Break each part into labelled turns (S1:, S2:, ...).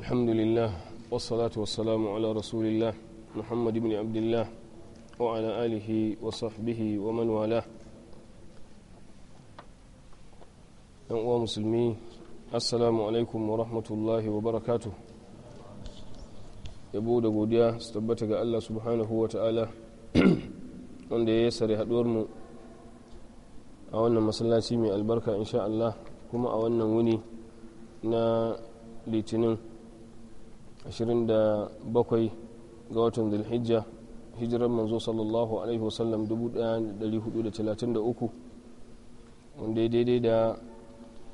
S1: الحمد لله والصلاة والسلام على رسول الله محمد بن عبد الله وعلى آله وصحبه ومن والاه أنواع مسلمي السلام عليكم ورحمة الله وبركاته yabo da godiya su tabbata ga Allah subhanahu wa ta'ala wanda ya sare mu a wannan masallaci mai albarka insha kuma a wannan wuni na litinin 27 ga watan zulhijja hijiran manzo sallallahu alaihi wasallam 1433 wanda daidai da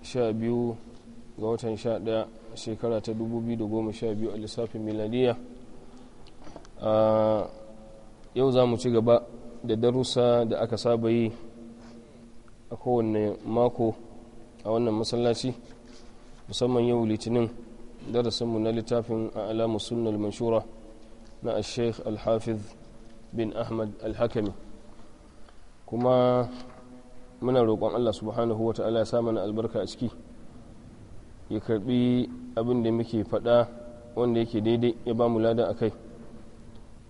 S1: 12 ga watan 11 shekara ta 2012 a lissafin miladiya yau za mu ci gaba da darussa da aka saba yi a kowane mako a wannan masallaci musamman yau litinin darasinmu na littafin alamu sunnal manshura na sheikh alhafiz bin ahmad alhakami kuma muna roƙon allah subhanahu wa ta'ala ya samu albarka a ciki ya karbi abin da muke faɗa wanda yake daidai ya ba mu lada a kai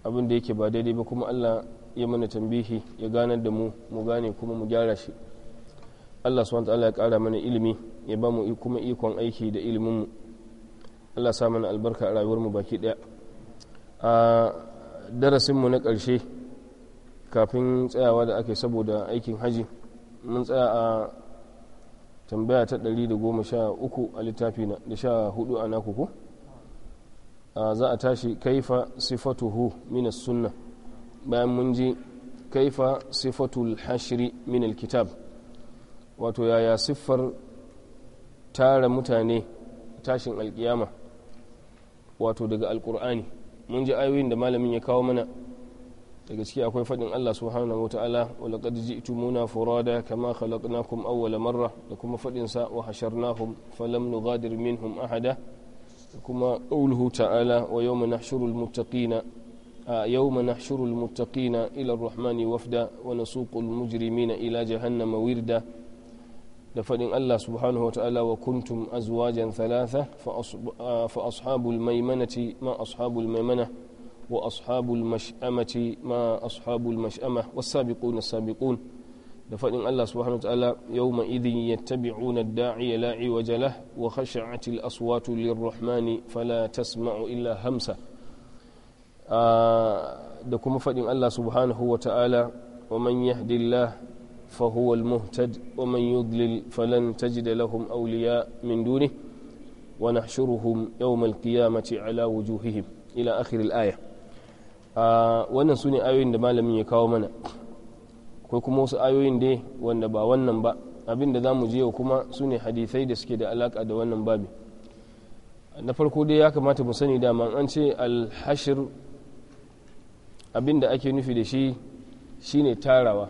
S1: abin da yake ba daidai ba kuma allah ya mana tambihi ya ganar da mu mu gane kuma mu gyara shi allah subhanahu wa ta'ala ya ƙara mana ilimi ya ba mu kuma ikon aiki da iliminmu allah samun albarka a rayuwarmu baki ɗaya. a darasinmu na ƙarshe kafin tsayawa da ake saboda aikin haji mun tsaya a tambaya ta 113 a littafi na da sha hudu a nakuku za a tashi kaifa sifatuhu minas sunna bayan mun ji kaifa sifatu hashiri minal kitab wato yaya siffar tara mutane tashin alkiyama wato daga alkur'ani mun ji ayoyin da malamin ya kawo mana daga ciki akwai fadin Allah subhanahu wa ta'ala wa laqad ji'tumuna furada kama khalaqnakum awwala marra da kuma fadin sa wa hasharnahum falam nughadir minhum ahada da kuma qawluhu ta'ala wa yawma nahshurul muttaqina yawma nahshurul muttaqina ila ar-rahmani wafda wa nasuqul mujrimina ila jahannama wirda لفدن الله سبحانه وتعالى وكنتم أزواجا ثلاثة آه، فأصحاب الميمنة ما أصحاب الميمنة وأصحاب المشأمة ما أصحاب المشأمة والسابقون السابقون لفدن الله سبحانه وتعالى يومئذ يتبعون الداعي لا عوج له وخشعت الأصوات للرحمن فلا تسمع إلا همسة دكم آه، فدن الله سبحانه وتعالى ومن يهدي الله فهو المهتد ومن يضلل فلن تجد لهم أولياء من دونه ونحشرهم يوم القيامة على وجوههم إلى آخر الآية wannan su ne ayoyin da malamin ya kawo mana ko kuma wasu ayoyin dai wanda ba wannan ba abin da za mu je kuma su ne hadisai da suke da alaka da wannan babi na farko dai ya kamata mu sani dama an ce alhashir abin da ake nufi da shi shine tarawa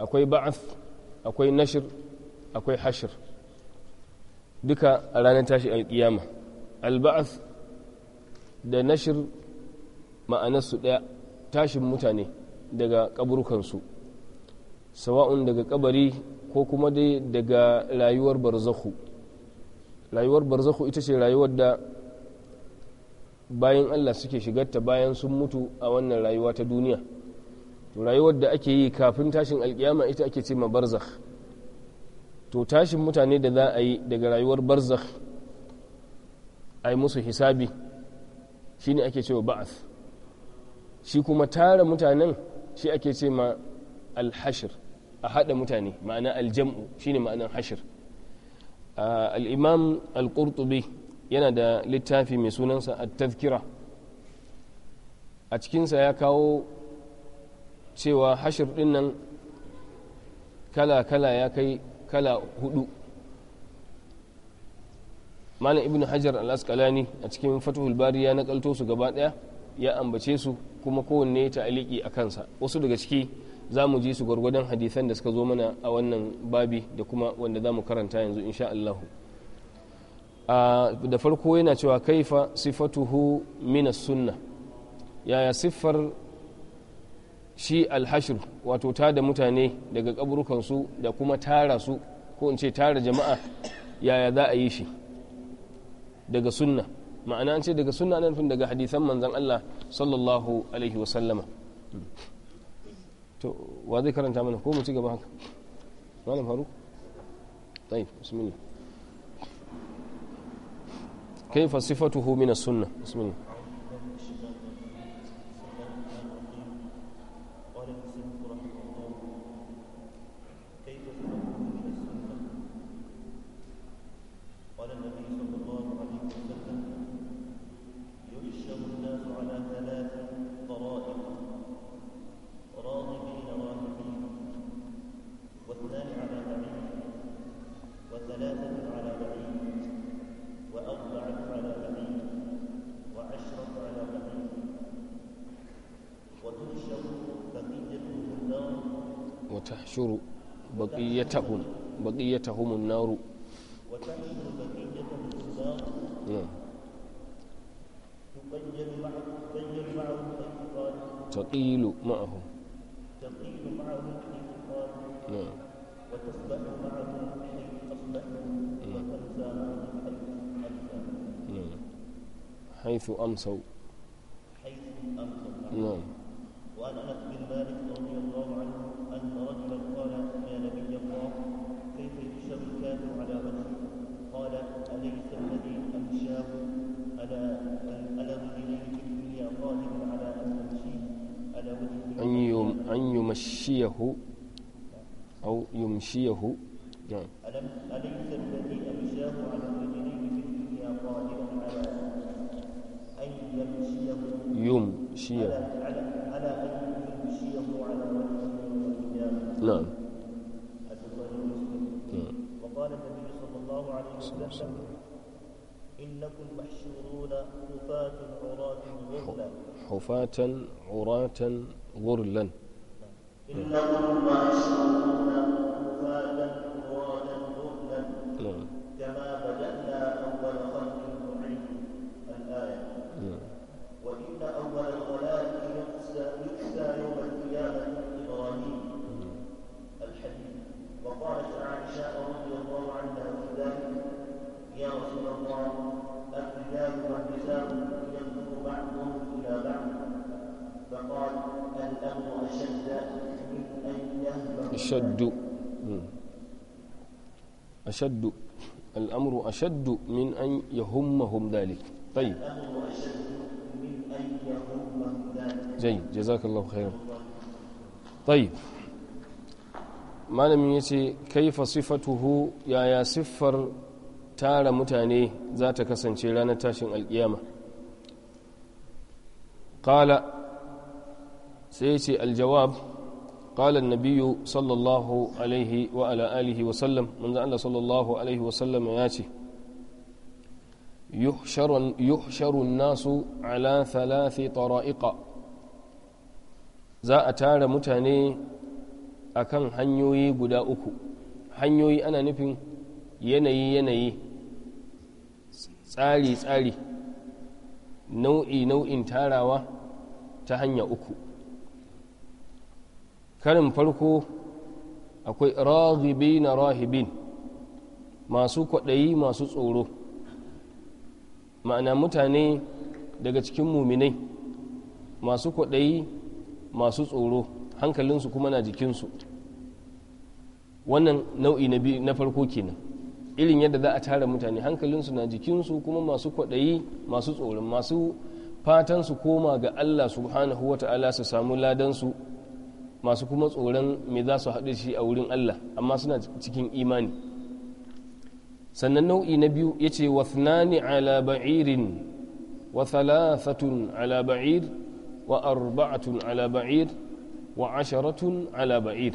S1: akwai ba'ath akwai nashir akwai hashir duka a ranar tashi alkiyama alba'ath da nashir ma'anarsu ɗaya tashin mutane daga kaburkansu sawa'un daga kabari ko kuma dai daga rayuwar barzahu rayuwar barzahu ita ce rayuwar da bayan allah suke shigarta bayan sun mutu a wannan rayuwa ta duniya rayuwar da ake yi kafin tashin alkiyama ita ake ce ma barzakh to tashin mutane da za a yi daga rayuwar barzakh ai musu hisabi shine ake cewa ba'ath shi kuma tara mutanen shi ake ce ma alhashir a haɗa mutane ma'ana aljam'u shine ma'anan hashir al'imam al-qurtubi yana da littafi mai sunansa a tazkira a cikinsa ya kawo cewa hashir ɗin nan kala-kala ya kai kala hudu malam ibn hajar al askalani a cikin fatuhul bari ya nakalto su gaba daya ya ambace su kuma kowanne ta aliki a kansa wasu daga ciki za mu ji su gwargwadon hadisan da suka zo mana a wannan babi da kuma wanda za mu karanta yanzu insha Allahu da farko yana cewa kaifa sifatuhu mina sunna yaya siffar shi alhashir wato tada mutane daga kaburukansu da kuma tara su ko in ce tara jama'a yaya za a yi shi daga sunna ma'ana an ce daga sunna nan fin daga hadisan manzan Allah sallallahu alaihi wa sallama to wa zai karanta mana ko mu ci gaba haka malam faru tayi bismillah الله sifatuhu min as-sunnah bismillah تحشر بقيتهم بقيتهم النار نعم. تقيل معهم
S2: تقيل معهم
S1: حيث امسوا
S2: حيث امسوا نعم وأنا انس بن مالك
S1: يمشيه أو يمشيه نعم
S2: ألم أليس الذي أمشاه على رجليه في الدنيا قادرا على أن يمشيه يمشيه على, على, أن يمشيه على وجهه يوم القيامة نعم, نعم. وقال النبي صلى الله عليه وسلم إنكم محشورون حفاة عراة غرلا
S1: حفاة عراة غرلا
S2: إنهم وأشركون كفارا مرادا بغلا كما بدأنا أول خلق نعيد الآية نعم. وإن أول الخلائق يقسى يوم القيامة إبراهيم نعم. الحديث وقالت عائشة رضي الله عنها في ذلك يا رسول الله الرجال والنساء ينظر بعضهم إلى بعض فقال الأمر أشد أشد
S1: أشد الأمر أشد من أن يهمهم ذلك طيب جيد جزاك الله خيرا طيب ما لم يتي كيف صفته يا يا سفر تارى متاني ذات كسن شيرانة تاشن القيامة قال سيتي الجواب قال النبي صلى الله عليه وعلى آله وسلم من أن صلى الله عليه وسلم ياتي يحشر, يحشر الناس على ثلاث طرائق za a tara mutane a kan hanyoyi guda uku hanyoyi ana nufin yanayi-yanayi tsari-tsari nau'i-nau'in tarawa ta hanya uku karin farko akwai ragibi na rahibin masu kwaɗayi masu tsoro ma'ana mutane daga cikin muminai masu kwaɗayi masu tsoro hankalinsu kuma na jikinsu wannan nau'i na farko kenan irin yadda za a tara mutane hankalinsu na jikinsu kuma masu kwaɗayi masu tsoron masu fatansu koma ga allah subhanahu wa ta'ala su samu ladansu masu kuma tsoron me za su haɗu shi a wurin Allah amma suna cikin imani sannan nau'i na biyu ya ce wa ala ba'irin wa thalathatun ala ba'ir wa arba'atun ala ba'ir wa asharatun ala ba'ir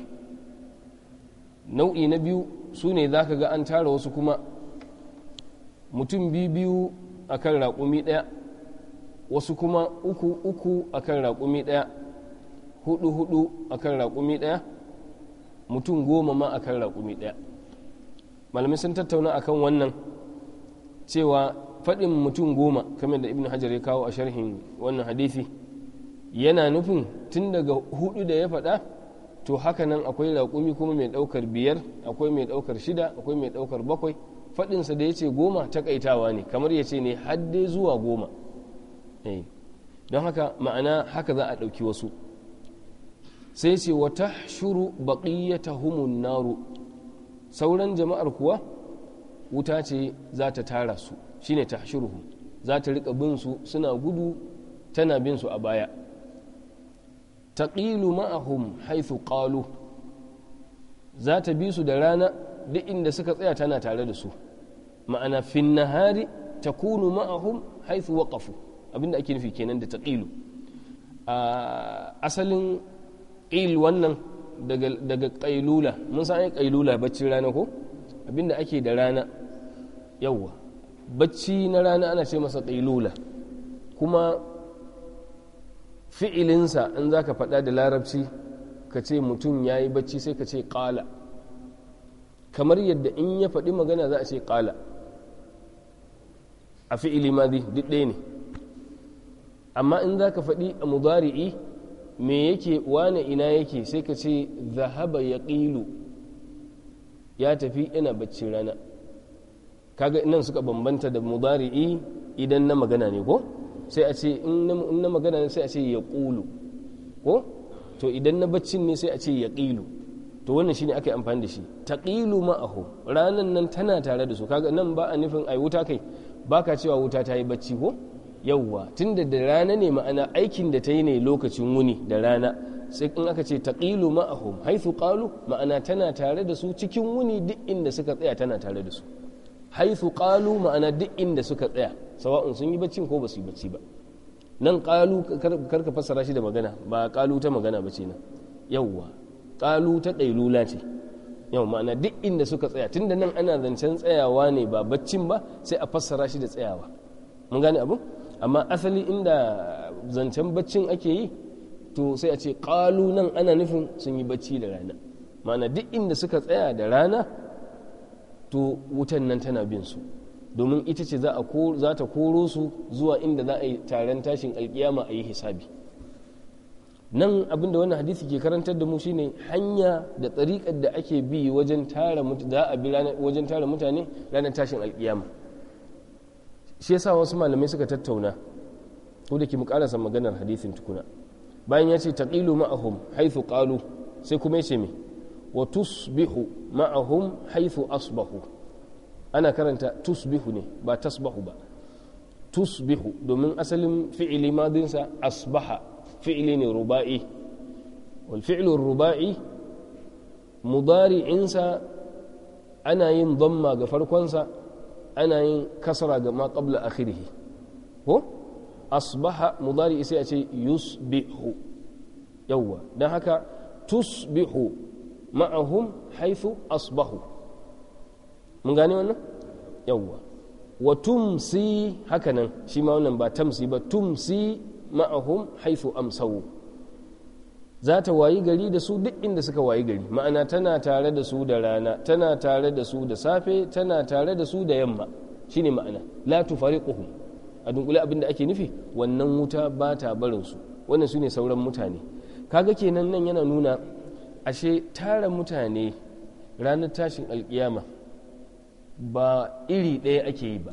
S1: nau'i na biyu su ne za ka ga an tara wasu kuma mutum biyu a kan raƙumi ɗaya wasu kuma uku uku a kan raƙumi ɗaya hudu hudu akan raƙumi ɗaya mutum goma ma akan raƙumi ɗaya malamai sun tattauna kan wannan cewa faɗin mutum goma kamar da ibn hajar ya kawo a sharhin wannan hadisi yana nufin tun daga hudu da ya faɗa to haka nan akwai raƙumi kuma mai ɗaukar biyar akwai mai ɗaukar shida akwai mai ɗaukar bakwai faɗinsa da ya ce goma takaitawa ne kamar ya ce ne hadde zuwa goma eh, don haka ma'ana haka za a ɗauki wasu sai ce wa tahshuru ta naru sauran jama'ar kuwa wuta ce za ta tara su shine tahshuruhum za ta rika bin su suna gudu tana bin su a baya ta ƙilu ma'ahum haifu ƙalu za ta bi su da rana duk inda suka tsaya tana tare da su ma'ana finnahari ta kunu ma'ahum haythu waqafu abinda ake nufi kenan da ta a ah, asalin il wannan daga ƙailula mun san ai ƙailula baccin rana ko abinda ake da rana yawwa bacci na rana ana ce masa ƙailula kuma fi'ilinsa in za ka faɗa da larabci ka ce mutum ya yi bacci sai ka ce ƙala kamar yadda in ya faɗi magana za a ce ƙala a fi'ili ma duk ne amma in za ka faɗi a mudari'i me yake wane ina yake sai ka ce zahaba ya ƙilu ya tafi ina baccin rana kaga nan suka bambanta da mudari'i idan na magana ne ko sai a ce in na magana ne sai a ce ya ƙulu ko to idan na baccin ne sai a ce ya ƙilu to wannan shine aka yi amfani da shi ta ƙilu ma'aho ranan nan tana tare da su kaga nan ba a nufin ai wuta kai ba ka cewa wuta ta yi bacci ko yauwa tun da da rana ne ma'ana aikin da ta yi ne lokacin wuni da rana sai in aka ce taƙilu ma'ahum haithu qalu ma'ana tana tare da su cikin wuni duk inda suka tsaya tana tare da su haithu qalu ma'ana duk inda suka tsaya sawa'un sun yi bacci ko ba yi bacci ba nan qalu karka fassara shi da magana ba qalu ta magana bace nan yauwa qalu ta ɗailula ce yau ma'ana duk inda suka tsaya tunda nan ana zancen tsayawa ne ba baccin ba sai a fassara shi da tsayawa mun gane abin amma asali inda zancen baccin ake yi to sai a ce ƙalu nan ana nufin sun yi bacci da rana mana duk inda suka tsaya da rana to wutan nan tana bin su domin ita ce za ta koro su zuwa inda za a yi taron tashin alkiyama a yi hisabi nan abinda wannan hadisi ke karantar da mu shine hanya da tsarikar da ake bi wajen tara mutane ranar tashin alkiyama shi yasa wasu malamai suka tattauna ko da ke mu maganar hadisin tukuna bayan ya ce taqilu ma'ahum haythu ƙalu sai kuma yace me wa tusbihu ma'ahum haythu asbahu ana karanta tusbihu ne ba tasbahu ba tusbihu domin asalin fi'ili madinsa asbaha fi'ili ne ruba'i wal fi'lu ruba'i mudari'insa ana yin damma ga farkonsa ana yin kasara ga ma qabla akhirih ko asbaha mudari sai a ce yusbihu yawwa dan haka tusbihu ma'ahum haifu asbahu mun gane wannan yawwa wa tumsi hakanan shi ma wannan ba tamsi ba tumsi ma'ahum haifu amsawu za ta wayi gari da su duk inda suka wayi gari ma'ana tana tare da su da rana tana tare da su da safe tana tare da su da yamma shine ma'ana la tufariquhum a dunkule abin da ake nufi wannan wuta ba ta barin su wannan su ne sauran mutane kaga kenan nan yana nuna ashe tara mutane ranar tashin alkiyama ba iri ɗaya ake yi ba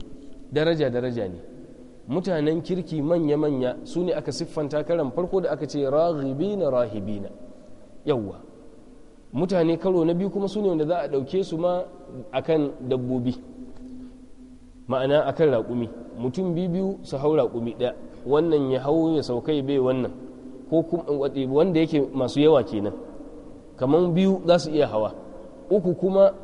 S1: daraja daraja ne mutanen kirki manya-manya su ne aka siffanta karan farko da aka ce raghibina rahibina yawwa mutane karo na biyu kuma su ne wanda za a ɗauke su ma akan dabbobi ma'ana akan raƙumi mutum biyu su hau raƙumi ɗaya wannan ya hau ya saukai bai wannan ko kuma wanda yake masu yawa kenan kamar biyu za su iya hawa uku kuma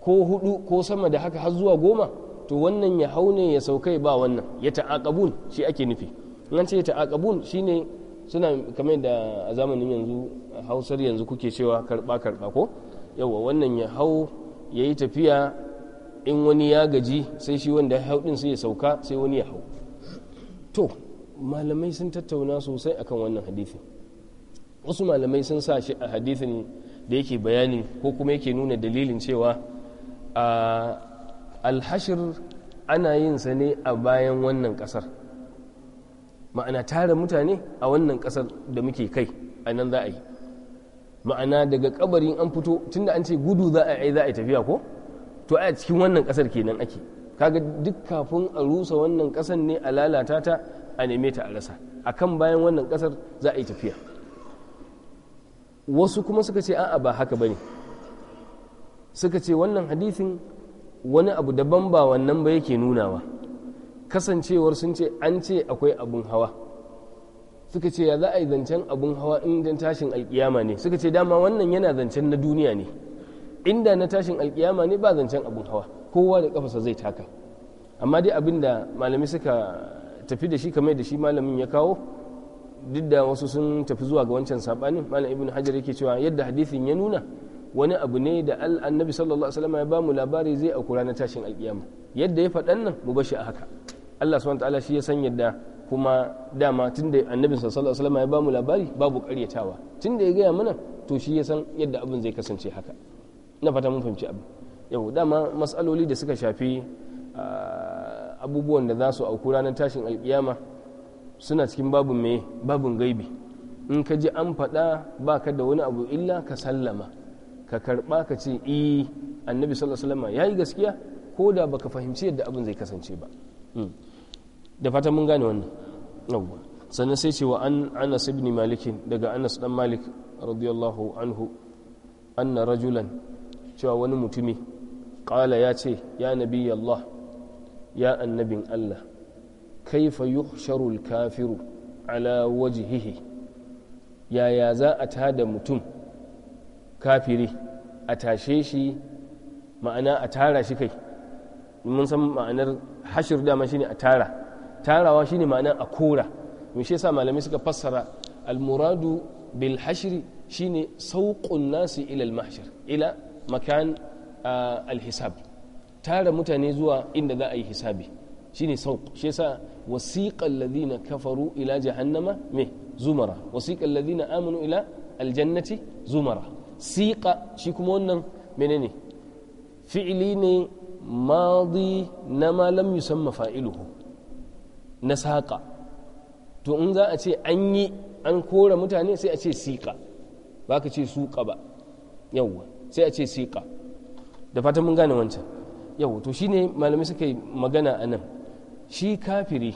S1: ko hudu ko sama da haka har zuwa goma to wannan ya hau ne ya saukai ba wannan ya ta'aqabun shi ake nufi nan ce ta'aqabun shine suna kamar da a zamanin yanzu hausar yanzu kuke cewa karba karba ko yawa wannan ya hau ya yi tafiya in wani ya gaji sai shi wanda ya hau din sai ya sauka sai wani ya hau to malamai sun tattauna sosai akan wannan hadithin wasu malamai sun sa shi a hadithin da yake bayanin ko kuma yake nuna dalilin cewa a alhashir ana yin sa ne a bayan wannan kasar ma'ana tare mutane a wannan kasar da muke kai a nan za a yi ma'ana daga kabarin an fito tunda an ce gudu za a yi za a yi tafiya ko to a cikin wannan kasar kenan ake kaga duk kafin a rusa wannan kasar ne a lalata ta a neme ta a rasa a kan bayan wannan kasar za a yi tafiya wasu kuma suka ce a'a ba haka bane suka ce wannan hadisin wani abu daban ba wannan ba yake nunawa kasancewar sun ce an ce akwai abun hawa suka ce ya za a yi zancen abun hawa inda tashin alkiyama ne suka ce dama wannan yana zancen na duniya ne inda na tashin alkiyama ne ba zancen abun hawa kowa da kafasa zai taka amma dai abin da malami suka tafi da shi kamar da shi malamin ya kawo duk da wasu sun tafi zuwa ga wancan sabanin malam ibn hajar yake cewa yadda hadisin ya nuna wani abu ne da annabi sallallahu alaihi wasallam ya ba mu labari zai auku ranar tashin alkiyama yadda ya faɗan nan mu bashi a haka Allah subhanahu wataala shi ya san yadda kuma dama tunda annabi sallallahu alaihi wasallam ya ba mu labari babu ƙaryatawa tunda ya gaya mana to shi ya san yadda abin zai kasance haka na fata mun fahimci abin yau dama matsaloli da suka shafi ah, abubuwan da za su auku ranar tashin alkiyama suna cikin babu me babin gaibi in ka ji an faɗa ba ka da wani abu illa ka sallama ka karba ka ce eh annabi sallallahu alaihi wasallam yayi gaskiya ko da baka fahimci yadda abin zai kasance ba hmm. da fatan mun gane wannan yawwa sannan sai ce wa an anas ibn malik daga anas dan malik radiyallahu anhu anna rajulan cewa wani mutumi qala ya ce ya nabi allah ya annabin allah kaifa yuhsharu al-kafiru ala wajhihi yaya za a tada mutum kafiri a tashe shi ma'ana a tara shi kai mun san ma'anar hashir dama shine a tara tarawa shine ma'ana a kora mun shi malamai suka fassara almuradu bil hashri shine sauqun nasi ila al mahshar ila makan al hisab tara mutane zuwa inda za a yi hisabi shine sauq shi yasa wasiqa alladhina kafaru ila jahannama me zumara wasiqa alladhina amanu ila aljannati zumara siƙa shi kuma wannan menene fi'ili ne madi na malam yusamma fa'iluhu na saƙa to in za a ce an yi an kora mutane sai a ce siƙa ba ka ce suƙa ba yawwa sai a ce siƙa da fatan mun gane wancan yawwa to shine malamai suka yi magana a nan shi kafiri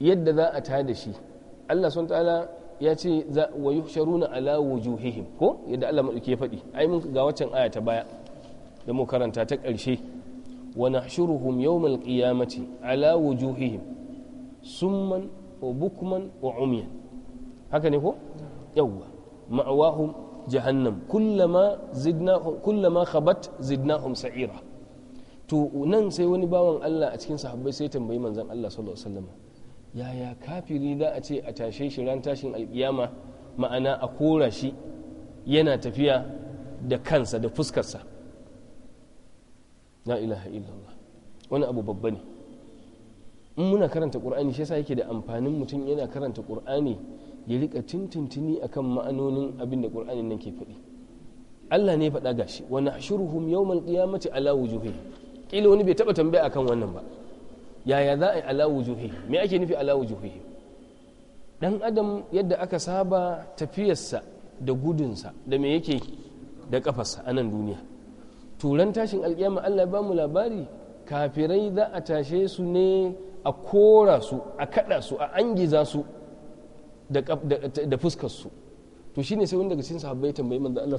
S1: yadda za a da shi allah sun ta'ala ya ce wa sharuna ala wujuhihim ko yadda Allah madauke ya faɗi ai mun ga waccan aya ta baya da mu karanta ta ƙarshe wa nahshuruhum yawmal qiyamati ala wujuhihim summan wa bukman wa umyan haka ne ko yawwa ma'awahum jahannam kullama zidnahum kullama khabat zidnahum sa'ira to nan sai wani bawan Allah a cikin sahabbai sai tambayi manzon Allah sallallahu alaihi wasallam yaya kafiri za a ce a tashe shi ran tashin alkiyama ma'ana a kora shi yana tafiya da kansa da fuskarsa la ilaha illallah wani abu babba ne in muna karanta ƙur'ani shi yasa yake da amfanin mutum yana karanta ƙur'ani ya rika tuntuntuni akan ma'anonin abin da ƙur'ani nan ke faɗi Allah ne faɗa gashi wa nahshuruhum yawmal qiyamati ala wujuhihim kila wani bai taɓa tambaya akan wannan ba yaya za a yi ala juhi? me ake nufi ala juhi? dan adam yadda aka saba tafiyarsa da gudunsa da me yake da kafarsa a nan duniya turan tashin alkiyama Allah ba mu labari kafirai za a tashe su ne a kora su a kada su a angiza su da fuskar su to shine sai wanda daga sahabbai tambayi manzo Allah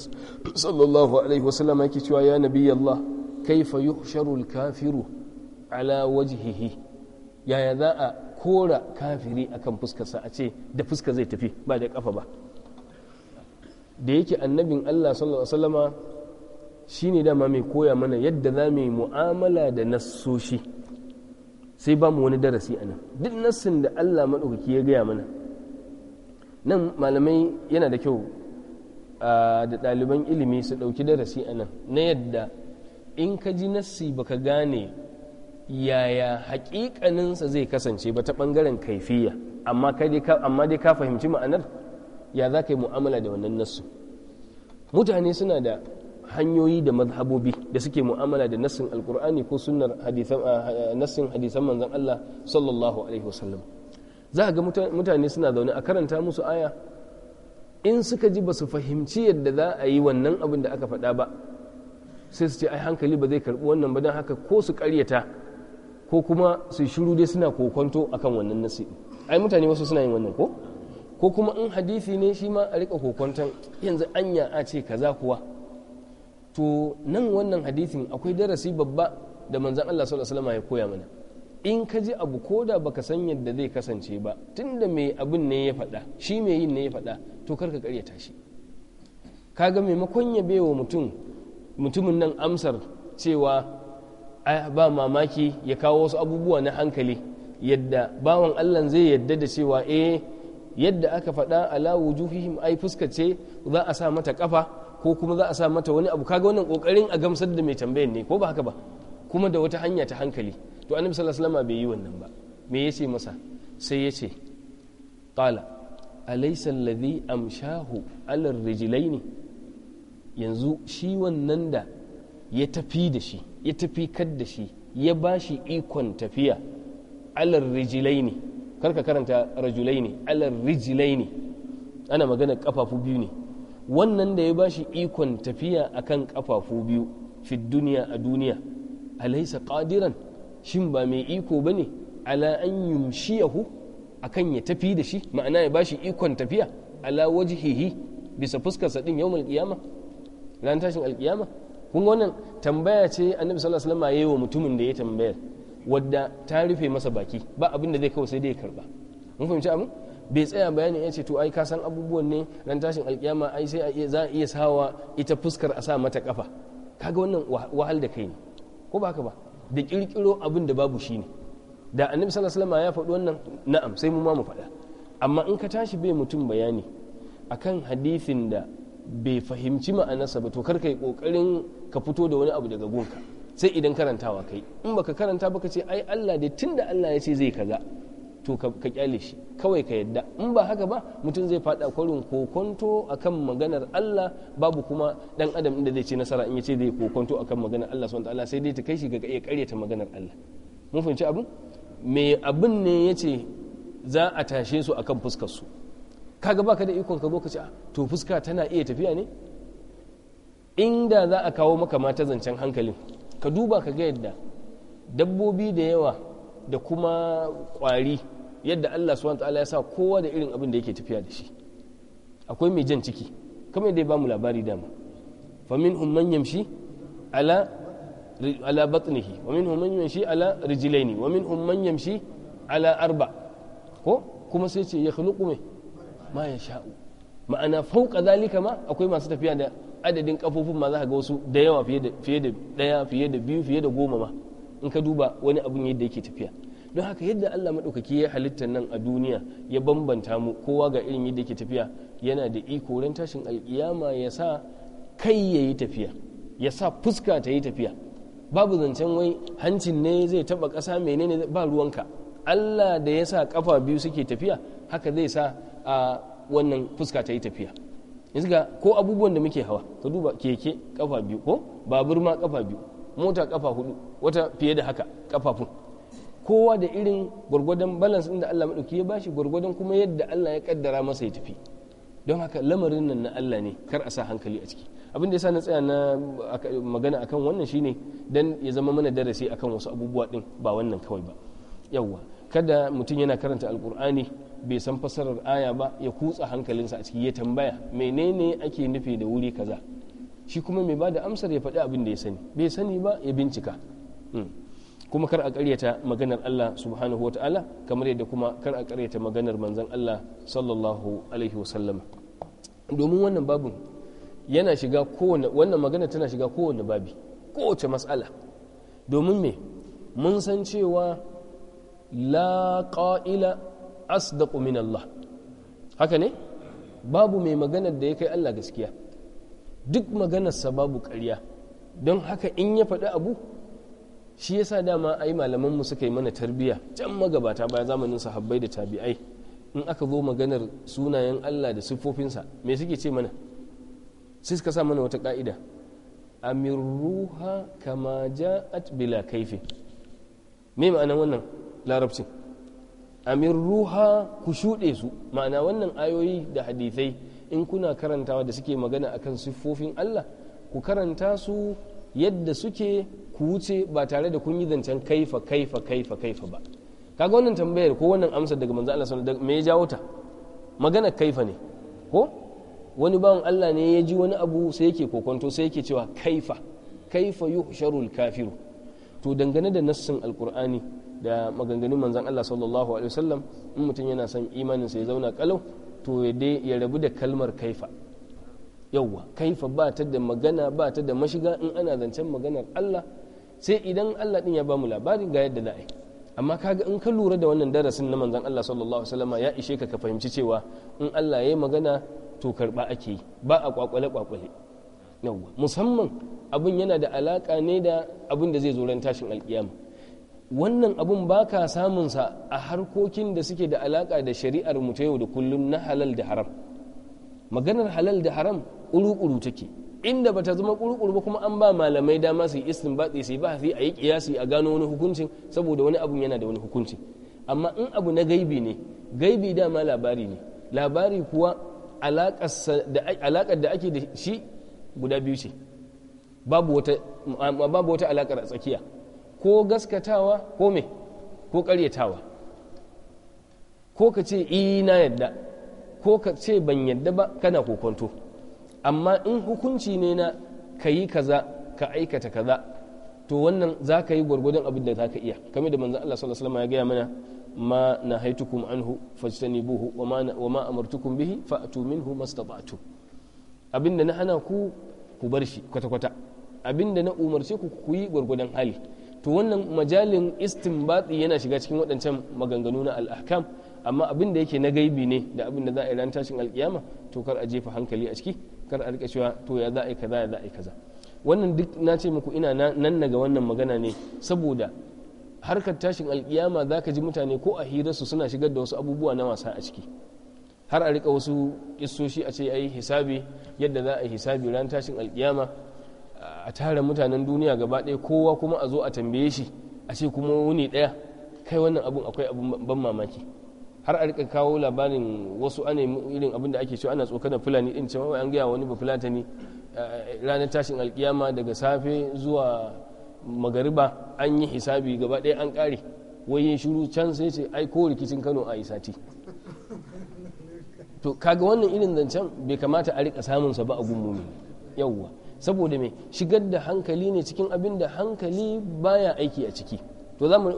S1: sallallahu alaihi wasallam yake cewa ya nabi Allah kaifa yuhsharu kafiru ala wajihihi yaya za a kora kafiri akan fuskarsa a ce da fuska zai tafi ba da kafa ba da yake annabin Allah sallallahu alaihi wasallama shine dama mai koya mana yadda za mu yi mu'amala da nasoshi sai ba mu wani darasi anan duk nassin da Allah maɗaukaki ya gaya mana nan malamai yana da kyau da ɗaliban ilimi su ɗauki darasi anan na yadda in ka ji nassi baka gane yaya haƙiƙaninsa zai kasance ba ta ɓangaren kaifiya amma dai ka fahimci ma'anar ya za ka yi mu'amala da wannan nassu mutane suna da hanyoyi da mazhabobi da suke mu'amala da nassin alkur'ani ko sunnar nassin hadisan manzan Allah sallallahu alaihi wasallam za ga mutane suna zaune a karanta musu aya in suka ji ba su fahimci yadda za a yi wannan abin da aka faɗa ba sai su ce ai hankali ba zai karɓi wannan ba don haka ko su ƙaryata ko kuma su shiru dai suna kokonto akan wannan nasi ai mutane wasu suna yin wannan ko ko kuma in hadisi ne shi ma a rika kokonton yanzu anya a ce kaza kuwa to nan wannan hadisin akwai darasi babba da manzan Allah sallallahu alaihi wasallam ya koya mana in ka ji abu ko da baka san yadda zai kasance ba tunda mai abin ne ya faɗa shi mai yin ne ya faɗa to kar karka karyata shi kaga maimakon ya bewa mutum mutumin nan amsar cewa ba mamaki ya kawo wasu abubuwa na hankali yadda bawan allah zai yadda da cewa eh yadda aka faɗa ala wujuhihim ai ce za a sa mata kafa ko kuma za a sa mata wani abu kaga wannan kokarin a gamsar da mai tambayan ne ko ba haka ba kuma da wata hanya ta hankali to annabi sallallahu alaihi wasallam bai yi wannan ba me yace masa sai yace qala alaysa alladhi amshahu ala rijlaini yanzu shi wannan da ya tafi da shi ya tafi da shi ya ba shi ikon tafiya alar rijilai ne karka karanta rajulai ne alar rijilai ne ana magana kafafu biyu ne wannan da ya ba shi ikon tafiya akan kafafu biyu fi duniya a duniya alaisa qadiran shin ba mai iko ba ne ala an akan ya tafi da shi ma'ana ya ba shi ikon tafiya ala wajhihi bisa fuskarsa din yau qiyama ran tashin alkiyama kun wannan tambaya ce annabi sallallahu alaihi wasallam yayi wa mutumin da ya tambaya wadda ta rufe masa baki ba abin da zai kawo sai dai ya karba mun fahimci abin bai tsaya bayani ya ce to ai ka san abubuwan ne ran tashin alkiyama ai sai za a iya sawa ita fuskar a sa mata kafa kaga wannan wahal da kai ne ko ba haka ba da kirkiro abin da babu shi ne da annabi sallallahu alaihi wasallam ya faɗi wannan na'am sai mu ma mu faɗa amma in ka tashi bai mutum bayani akan hadisin da bai fahimci ma'anarsa ba to kar yi kokarin ka fito da wani abu daga gunka sai idan karantawa kai in baka karanta ka ce ai Allah tun da Allah ya ce zai kaza to ka kyale shi kawai ka yadda in ba haka ba mutum zai fada kwarin kokonto akan maganar Allah babu kuma dan adam inda zai ce nasara in ya ce zai kokonto akan maganar Allah subhanahu allah sai dai ta kai shi ga ya karyata maganar Allah mun fahimci abu me abin ne yace za a tashe su akan fuskar su kaga baka da ikon ka zo ka ci ah, to fuska tana iya tafiya ne inda za a kawo maka mata zancen hankalin ka duba ka ga yadda dabbobi da yawa da kuma kwari yadda Allah subhanahu wataala ya sa kowa da irin abin da yake tafiya da shi akwai mai jan ciki kuma dai ya bamu labari dama fa minhum man yamshi ala ala batnihi wa minhum man yamshi ala rijlaini wa minhum man yamshi ala arba ko kuma sai ce ya khluqu mai ma ya sha'u ma'ana fauka zalika ma akwai masu tafiya da adadin kafofin ma za ka ga wasu da yawa fiye da daya fiye da biyu fiye da goma ma in ka duba wani abun yadda yake tafiya don haka yadda Allah maɗaukaki ya halitta nan a duniya ya bambanta mu kowa ga irin yadda yake tafiya yana da iko ran tashin alkiyama ya sa kai ya yi tafiya ya sa fuska ta yi tafiya babu zancen wai hancin ne zai taba ƙasa menene ba ruwanka Allah da ya sa kafa biyu suke tafiya haka zai sa a wannan fuska ta yi tafiya yanzu ga ko abubuwan da muke hawa ka duba keke kafa biyu ko babur ma kafa biyu mota kafa hudu wata fiye da haka kafafun kowa da irin gwargwadon balance din da Allah madauki ya bashi gwargwadon kuma yadda Allah ya kaddara masa ya tafi don haka lamarin nan na Allah ne kar a sa hankali a ciki abin da yasa na tsaya na magana akan wannan shine dan ya zama mana darasi akan wasu abubuwa din ba wannan kawai ba yawwa kada mutum yana karanta alkur'ani bai san fasarar aya ba ya kutsa hankalinsa a ciki ya tambaya menene ake nufi da wuri kaza shi kuma mai ba da amsar ya faɗi abin da ya sani bai sani ba ya bincika hmm. kuma kar a karyata maganar Allah subhanahu wa ta'ala kamar yadda kuma kar a karyata maganar manzan Allah sallallahu alaihi wasallam domin wannan babin yana shiga kowane wannan magana tana shiga kowane babi kowace matsala domin me mun san cewa la qa'ila asdaqu min Allah haka ne babu mai maganar da ya kai Allah gaskiya duk maganarsa babu ƙarya don haka in ya faɗi abu shi yasa dama ai malamanmu suka yi mana tarbiyya can magabata baya zamanin sahabbai da tabi'ai in aka zo maganar sunayen Allah da siffofinsa me suke ce mana sai suka sa mana wata ka'ida ruha kama ja'at bila kaifi me ma'anar wannan larabcin amin ruha ku shuɗe su ma'ana wannan ayoyi da hadisai in kuna karantawa da suke magana akan siffofin Allah ku karanta su yadda suke ku wuce ba tare da kun yi zancen kaifa kaifa kaifa kaifa ba kaga wannan tambayar ko wannan amsar daga manzo Allah sallallahu alaihi me ya jawo ta magana kaifa ne ko wani bawan Allah ne ya ji wani abu sai yake kokonto sai yake cewa kaifa kaifa yuhsharul kafiru to dangane da nassin alqur'ani da maganganun manzan Allah sallallahu alaihi wasallam in mutum yana son imanin sa ya zauna kalau to ya rabu da kalmar kaifa yauwa kaifa ba ta da magana ba ta da mashiga in ana zancen maganar Allah sai idan Allah din ya bamu labarin ga yadda za a amma kaga in ka lura da wannan darasin na manzan Allah sallallahu alaihi wasallam ya ishe ka ka fahimci cewa in Allah ya yi magana to karba ake yi ba a kwakwale kwakwale yauwa musamman abun yana da alaka ne da abun da zai zo ran tashin alkiyama wannan abun ba ka samunsa a harkokin da suke da alaƙa da shari'ar mu ta yau da kullum na halal da haram maganar halal da haram ƙuruƙuru take inda bata zama ƙuruƙuru ba kuma an ba malamai dama su yi istinbati su yi bahasi a yi ƙiyasi a gano wani hukuncin saboda wani abun yana da wani hukunci amma in abu na gaibi ne gaibi dama labari ne labari kuwa alaƙar da ake da shi guda biyu ce babu wata alaƙar a tsakiya ko gaskatawa ko me ko karyatawa ko ka ce e, na yadda ko ka ce ban yadda ba kana kokonto amma in hukunci ne na ka yi kaza ka aikata kaza to wannan za ka yi gwargwadon abin da za ka iya kame da manzan Allah sallallahu alaihi ya gaya mana ma na haitukum anhu buhu wa ma amartukum bihi fa'tu minhu mastata'tu abinda na hana ku ku bar shi kwata kwata abinda na umarce ku ku yi gwargwadon hali to wannan majalin istinbati yana shiga cikin wadancan maganganu na al'ahkam amma abin da yake na gaibi ne da abin da za a yi ran tashin alkiyama to kar a jefa hankali a ciki kar a rika cewa to ya za a yi kaza ya za a yi kaza wannan duk na ce muku ina nan naga wannan magana ne saboda harkar tashin alkiyama za ka ji mutane ko a hirarsu suna shigar da wasu abubuwa na wasa a ciki har a rika wasu kissoshi a ce ai hisabi yadda za a yi hisabi ran tashin alkiyama a tara mutanen duniya gaba ɗaya kowa kuma a zo a tambaye shi a ce kuma wuni ɗaya kai wannan abun akwai abun ban mamaki har a rika kawo labarin wasu ana irin abin da ake cewa ana tsokanar fulani din cewa an gaya wani fulata ne eh, ranar tashin alkiyama daga safe zuwa magariba an yi hisabi gaba ɗaya an ƙare wai ya shiru can sai ce ai ko rikicin kano a yi sati to kaga wannan irin zancen bai kamata a rika samunsa ba a gummumi yawwa saboda mai shigar da hankali ne cikin abin da hankali baya aiki a ciki to za mu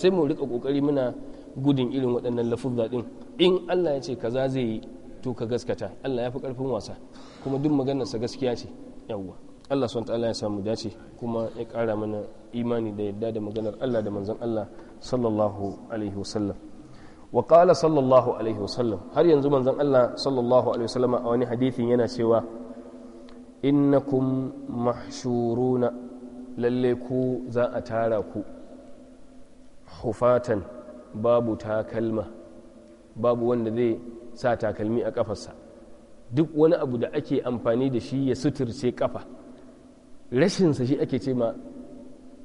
S1: sai mu rika kokari muna gudun irin waɗannan lafuzza din in Allah ya ce kaza zai yi to ka gaskata Allah ya fi karfin wasa kuma duk maganar sa gaskiya ce yawwa Allah subhanahu ta'ala ya samu dace kuma ya kara mana imani da yadda da maganar Allah da manzon Allah sallallahu alaihi wasallam wa qala sallallahu alaihi wasallam har yanzu manzon Allah sallallahu alaihi wasallam a wani hadisin yana cewa innakum mahshuruna lalle ku za a tara ku hufatan babu takalma babu wanda zai sa takalmi a kafarsa duk wani abu da ake amfani da shi ya suturce kafa rashinsa shi ake ce ma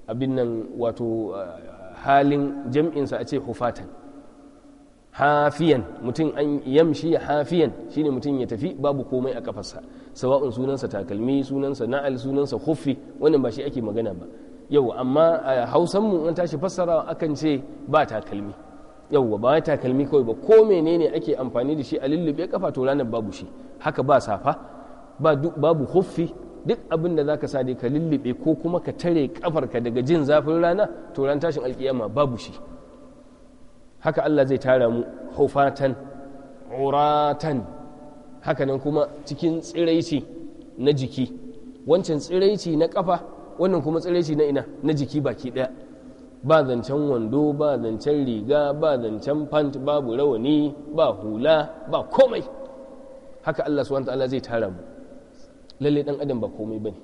S1: abin nan wato eh, halin jam'insa a ce hufatan hafiyan mutum an yamshi hafiyan shine mutum ya tafi babu komai a kafarsa sawa'un sunansa takalmi sunansa na'al sunansa khuffi wannan ba shi ake magana ba yau amma a hausan mu an tashi fassara akan ce ba takalmi yau ba takalmi kawai ba ko menene ake amfani da shi a lullube kafa to ranar babu shi haka ba safa ba babu khuffi duk abin da zaka sa dai ka lullube ko kuma ka tare kafarka daga jin zafin rana to ran tashin alkiyama babu shi haka Allah zai tara mu hufatan uratan hakanan kuma cikin tsiraici na jiki wancan tsiraici na kafa wannan kuma tsiraici na ina na jiki baki daya ba zancen wando ba zancen riga ba zancen pant babu rawani ba hula ba komai haka Allah subhanahu ta'ala zai tara mu lalle dan adam ba komai bane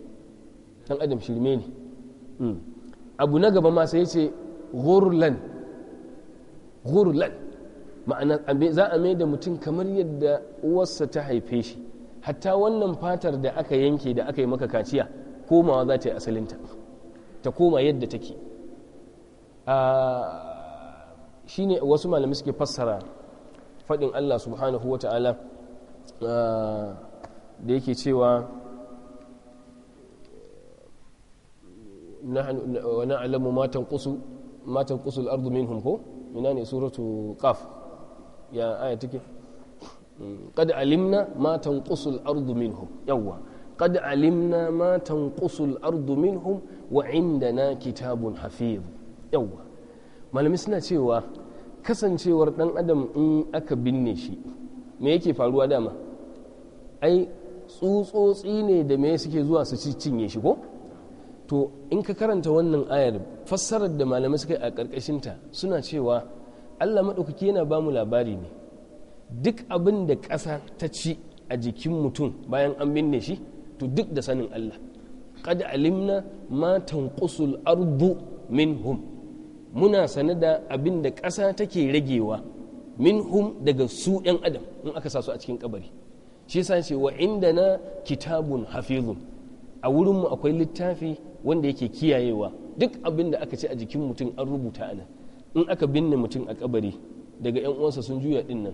S1: dan adam shirme ne hmm. abu na gaba ma sai ya ce ghurlan ghurlan ma'ana za a mai da mutum kamar yadda uwarsa ta haife shi hatta wannan fatar da aka yanke da aka yi maka kaciya komawa za ta yi asalinta ta koma yadda take ah, shi ne wasu malamai suke fassara faɗin allah subhanahu wa ta'ala ah, da yake cewa wani alamu matan kusur ardu minhum ko ina ne suratu qaf ya aya take mm, qad alimna ma tanqusu al-ardu minhum yawwa alimna ma tanqusu al-ardu minhum wa indana kitabun hafiz yawwa malami suna cewa kasancewar dan adam in aka binne shi me yake faruwa dama ai tsutsotsi ne da me suke zuwa su cinye shi ko to in ka karanta wannan ayar fassarar da malamai suka yi a ƙarƙashinta suna cewa Allah maɗaukaki yana ba mu labari ne duk abin da ƙasa ta ci a jikin mutum bayan an binne shi to duk da sanin Allah qad alimna ma tanqusul ardu minhum muna sane da abin da ƙasa take ragewa minhum daga su ɗan adam in aka sa su a cikin kabari shi yasa ce wa indana kitabun hafizun a wurinmu akwai littafi wanda yake kiyayewa duk abin da aka ci a jikin mutum an rubuta anan in aka binne mutum a kabari daga 'yan uwansa sun juya din nan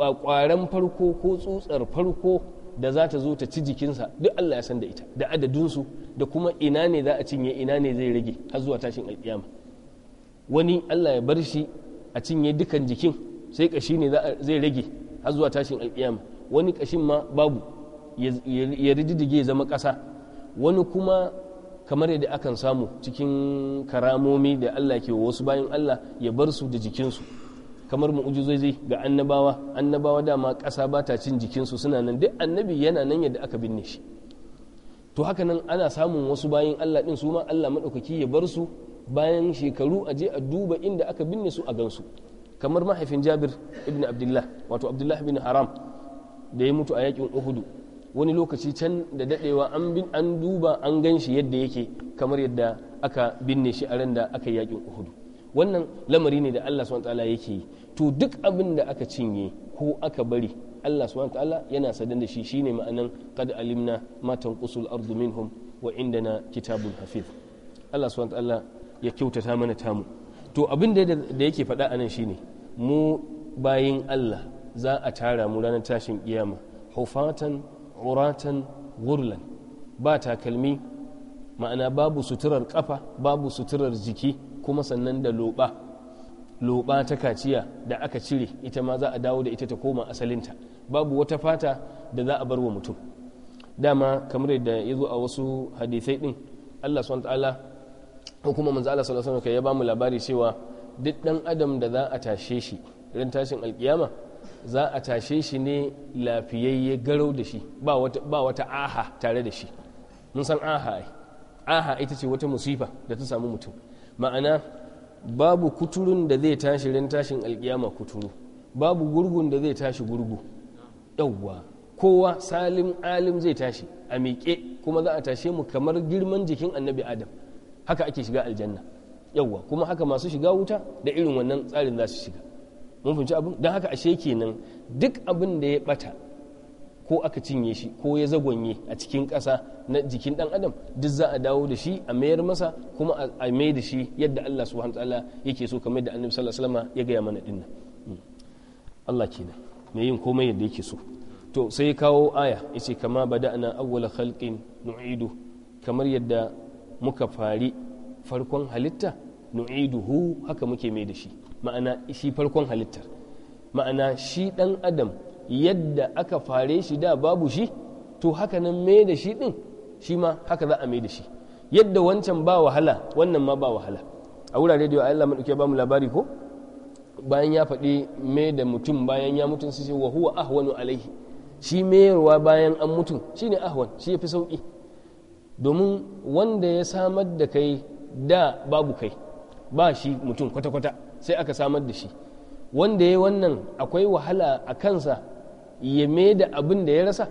S1: a kwaren farko ko tsutsar farko da za ta zo ta ci jikinsa duk Allah ya san da ita da adadinsu da kuma ina ne za a cinye ina ne zai rage har zuwa tashin alkiyama wani Allah ya bar shi a cinye dukan jikin sai kashi ne zai rage har zuwa tashin alkiyama wani kashin ma babu ya rididdige zama ƙasa wani kuma kamar yadda akan samu cikin karamomi da Allah ke wasu bayan Allah ya bar su da jikinsu kamar zai ga annabawa annabawa dama ƙasa ba ta cin jikinsu suna nan duk annabi yana nan yadda aka binne shi to haka nan ana samun wasu bayan Allah din su ma Allah maɗaukaki ya bar su bayan shekaru a je a duba inda aka binne su a gansu kamar mahaifin Jabir ibn Abdullah wato Abdullah ibn Haram da ya mutu a yakin Uhudu wani lokaci can da dadewa an duba an gan shi yadda yake kamar yadda aka binne shi a ran da aka yakin uhudu wannan lamari ne da Allah subhanahu ta'ala yake yi to duk abin da aka cinye ko aka bari Allah subhanahu ta'ala yana sadan da shi shine ma'anan qad alimna ma tanqusul ardu minhum wa indana kitabun hafiz Allah subhanahu ta'ala ya kyautata mana tamu to abin da yake faɗa anan shine mu bayin Allah za a tara mu ranar tashin kiyama hufatan uratan gurlan ba takalmi ma'ana babu suturar kafa babu suturar jiki kuma sannan da loba loba ta kaciya da aka cire ita ma za a dawo da ita ta koma asalinta babu wata fata da za a bar wa mutum dama kamar yadda ya zo a wasu hadisai din Allah SWT ko kuma manzo Allah sallallahu ya ba mu labari cewa duk dan adam da za a tashe shi ran tashin alkiyama za a tashe shi ne lafiyayye garau da shi ba wata aha tare da shi mun san aha ai aha ita ce wata musifa da ta samu mutum ma'ana babu kuturun da zai tashi ran tashin alkiyama kuturu babu gurgun da zai tashi gurgu yauwa kowa salim alim zai tashi a miƙe kuma za a tashe mu kamar girman jikin annabi adam haka ake shiga aljanna yauwa kuma haka masu shiga wuta da irin wannan tsarin za su shiga mun fahimci abin don haka ashe kenan duk abin da ya bata ko aka cinye shi ko ya zagonye a cikin kasa na jikin ɗan adam duk za a dawo da shi a mayar masa kuma a mai da shi yadda Allah subhanahu ta'ala yake so kamar yadda annabi sallallahu alaihi wasallam ya gaya mana din nan hmm. Allah kenan mai yin komai yadda yake so to sai kawo aya yace kama bada'na awwala khalqin nu'idu kamar yadda muka fari farkon halitta nu'iduhu haka muke mai da shi ma'ana shi farkon halittar ma'ana shi ɗan adam yadda aka fare shi da babu shi to haka nan mai da shi ɗin shi ma haka za a mai da shi yadda wancan ba wahala wannan ma ba wahala a wurare da Allah madauke ba mu labari ko bayan ya faɗi mai da mutum bayan ya mutum su ce wa huwa ahwanu alaihi shi mayarwa bayan an mutum shine ahwan shi ya fi sauki domin wanda ya samar da kai da babu kai ba shi mutum kwata-kwata sai aka samar da shi wanda ya wannan akwai wahala a kansa ya mai da abin da ya rasa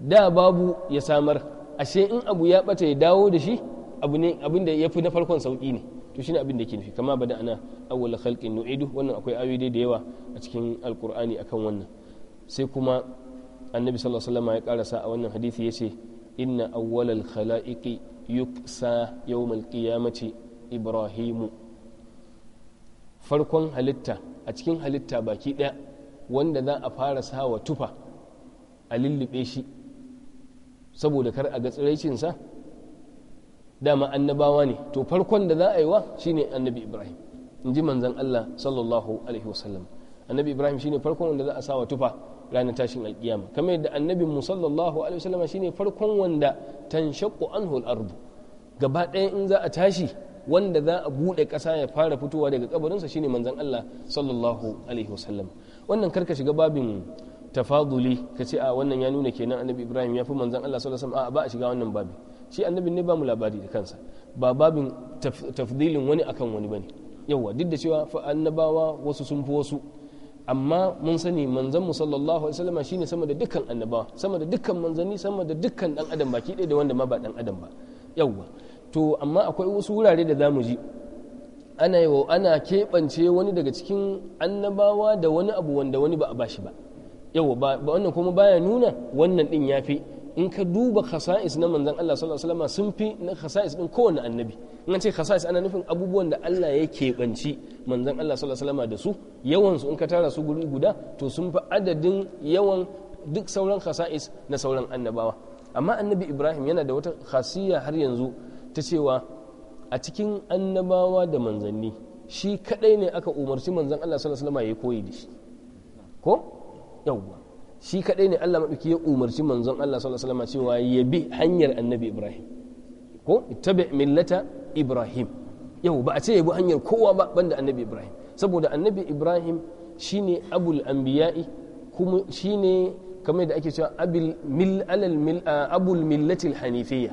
S1: da babu ya samar ashe in abu ya bata ya dawo da shi abu ne abin da ya fi na farkon sauki ne to shine abin da ke nufi kama bada ana awwal khalqin nu'idu wannan akwai ayoyi da yawa a cikin alqur'ani akan wannan sai kuma annabi sallallahu alaihi wasallam ya karasa a wannan hadisi yace inna awwalal khalaiqi yuksa yawmal qiyamati ibrahimu farkon halitta a cikin halitta baki ɗaya wanda za a fara sawa tufa a lullube shi saboda kar a ga tsiraicinsa dama annabawa ne to farkon da za a yi wa shine annabi ibrahim in ji manzan allah sallallahu alaihi wasallam annabi ibrahim shi ne farkon wanda za a sawa tufa ranar tashin alkiyama kamar yadda annabin mu sallallahu alaihi wasallam ne farkon wanda tan tanshaqqu anhu al arbu gaba ɗaya in za a tashi wanda za a buɗe ƙasa ya fara fitowa daga kabarinsa shine manzon Allah sallallahu alaihi wasallam wannan karka shiga babin tafaduli ka ce a wannan ya nuna kenan annabi Ibrahim ya fi manzon Allah sallallahu alaihi wasallam a ba a shiga wannan babin shi annabi ne ba mu labari da kansa ba babin tafdilin wani akan wani bane yawa duk da cewa fa annabawa wasu sun fi wasu amma mun sani manzon mu sallallahu alaihi wasallam shine sama da dukkan annabawa sama da dukkan manzanni sama da dukkan dan adam baki ɗaya da wanda ma ba dan adam ba yawa to amma akwai wasu wurare da zamu ji ana yi ana keɓance wani daga cikin annabawa da wani abu wanda wani ba a bashi ba Yau ba wannan kuma baya nuna wannan din ya fi in ka duba khasa'is na manzon Allah sallallahu alaihi wasallam sun fi na khasa'is din kowanne annabi in an ce khasa'is ana nufin abubuwan da Allah ya keɓanci manzon Allah sallallahu alaihi wasallam da su yawan su in ka tara su guri guda to sun fi adadin yawan duk sauran khasa'is na sauran annabawa amma annabi Ibrahim yana da wata khasiyya har yanzu ta cewa a cikin annabawa da manzanni shi kadai ne aka umarci manzan Allah sallallahu alaihi wasallam ya koyi da shi ko yawwa shi kadai ne Allah madauki ya umarci manzan Allah sallallahu alaihi wasallam cewa ya bi hanyar annabi Ibrahim ko ittabi millata Ibrahim yau ba a ce ya bi hanyar kowa ba banda annabi Ibrahim saboda annabi Ibrahim shine abul anbiya'i kuma shine kamar da ake cewa abul millatil hanifiyya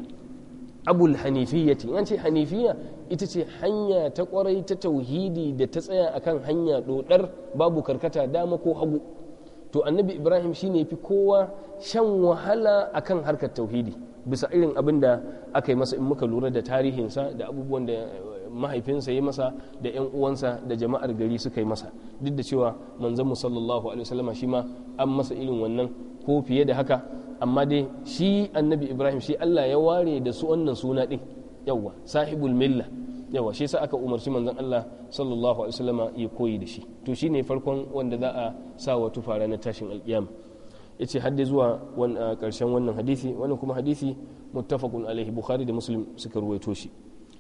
S1: abul hanifiyyati an ce hanifiya ita ce hanya ta kwarai ta tauhidi da ta tsaya akan hanya dodar babu karkata dama ko hagu to annabi ibrahim shine fi kowa shan wahala akan harkar tauhidi bisa irin abin da aka yi masa in muka lura da tarihinsa da abubuwan da mahaifinsa ya masa da 'yan uwansa da jama'ar gari suka yi masa duk da cewa manzon sallallahu alaihi wasallama shi ma an masa irin wannan ko fiye da haka amma dai shi annabi ibrahim shi allah ya ware da su wannan suna din yawa sahibul milla yawa shi sa aka umarci manzon allah sallallahu alaihi wasallama ya koyi da shi to shi ne farkon wanda za a sa wa tufara na tashin alkiyama yace hadde zuwa karshen wannan hadisi wannan kuma hadisi muttafaqun alaihi bukhari da muslim suka ruwaito shi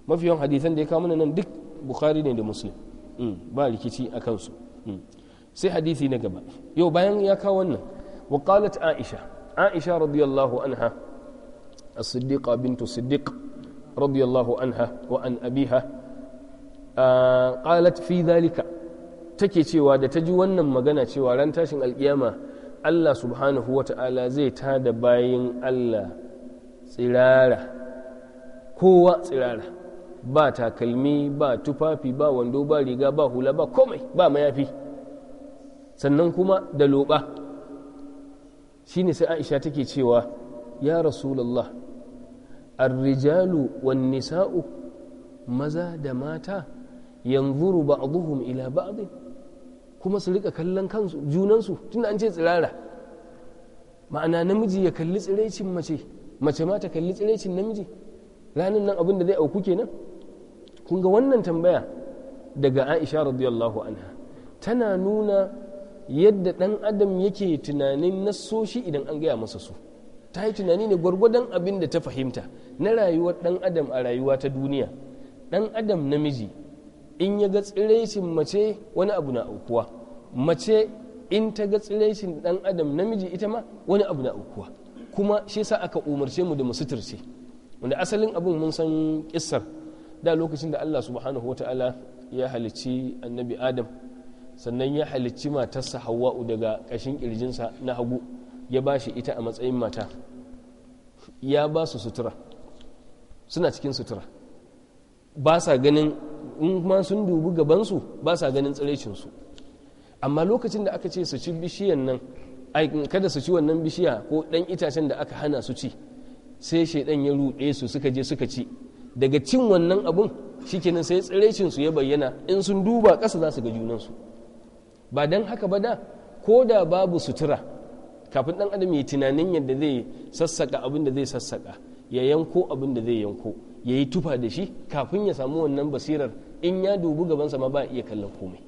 S1: mafi yawan hadisan da ya kawo mana nan duk bukhari ne da muslim mm, ba rikici a kansu mm. sai hadisi na gaba yau bayan ya kawo wannan wa qalat aisha aisha radiyallahu anha as-siddiqa bintu siddiq radiyallahu anha wa an abiha uh, qalat fi dhalika take cewa da ta ji wannan magana cewa ran tashin alkiyama Allah subhanahu wa ta'ala zai tada bayin Allah tsirara kowa tsirara ba takalmi ba tufafi ba wando ba riga ba hula ba komai ba mayafi sannan kuma da loba shine sai aisha take cewa ya rasulullah Arrijalu rijalu wan nisa'u maza da mata yanzuru ba'dhum ila ba'd kuma su rika kallon kansu junansu tunda an ce tsirara ma'ana namiji ya kalli tsirecin mace mace ma ta kalli tsirecin namiji Ranar nan abin da zai auku kenan kun ga wannan tambaya daga aisha radiyallahu anha tana nuna yadda ɗan adam yake tunanin nasoshi idan an gaya masa su ta yi tunani ne gwargwadon abin da ta fahimta na rayuwar ɗan adam a rayuwa ta duniya ɗan adam namiji in ya ga tsiraicin mace wani abu na aukuwa mace in ta ga tsiraicin ɗan adam namiji ita ma wani abu na aukuwa kuma shi sa aka umarce mu da mu suturce wanda asalin abin mun san kissar da lokacin da Allah subhanahu ta'ala ya halicci annabi adam sannan ya halicci matarsa hawa'u daga ƙashin ƙirjinsa na hagu ya ba shi ita a matsayin mata ya ba su sutura suna cikin sutura ba sa ganin in ma sun dubi gabansu ba sa ganin tsiraicinsu amma lokacin da aka ce su ci bishiyan nan kada su ci wannan bishiya ko ɗan itacen da aka hana su ci sai shaidan ya ruɗe su suka je suka ci daga cin wannan abun shi kenan sai tsiraicinsu ya bayyana in sun duba ƙasa za su ga junansu ba don haka ba da ko da babu sutura kafin ɗan adam ya tunanin yadda zai sassaka abin da zai sassaka ya yanko abin da zai yanko ya yi tufa da shi kafin ya samu wannan basirar in ya dubi gabansa ma ba iya kallon komai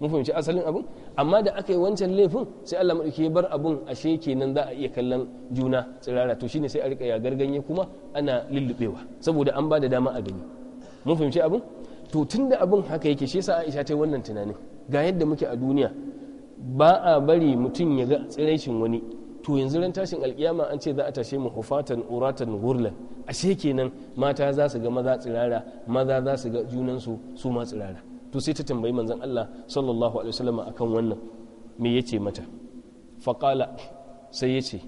S1: mun fahimci asalin abin amma da aka yi wancan laifin sai Allah madauki ya bar abin ashe kenan za a iya kallon juna tsirara to shine sai a rika ya garganye kuma ana lullubewa saboda an ba da dama a gani mun fahimci abin to tunda abin haka yake shi yasa Aisha ta yi wannan tunanin ga yadda muke a duniya ba a bari mutum ya ga tsiraicin wani to yanzu ran tashin alkiyama an ce za a tashe mu hufatan uratan gurlan ashe kenan mata za su ga maza tsirara maza za su ga junansu su ma tsirara to sai ta tambayi manzon Allah sallallahu alaihi wasallam akan wannan me yace mata faqala sai yace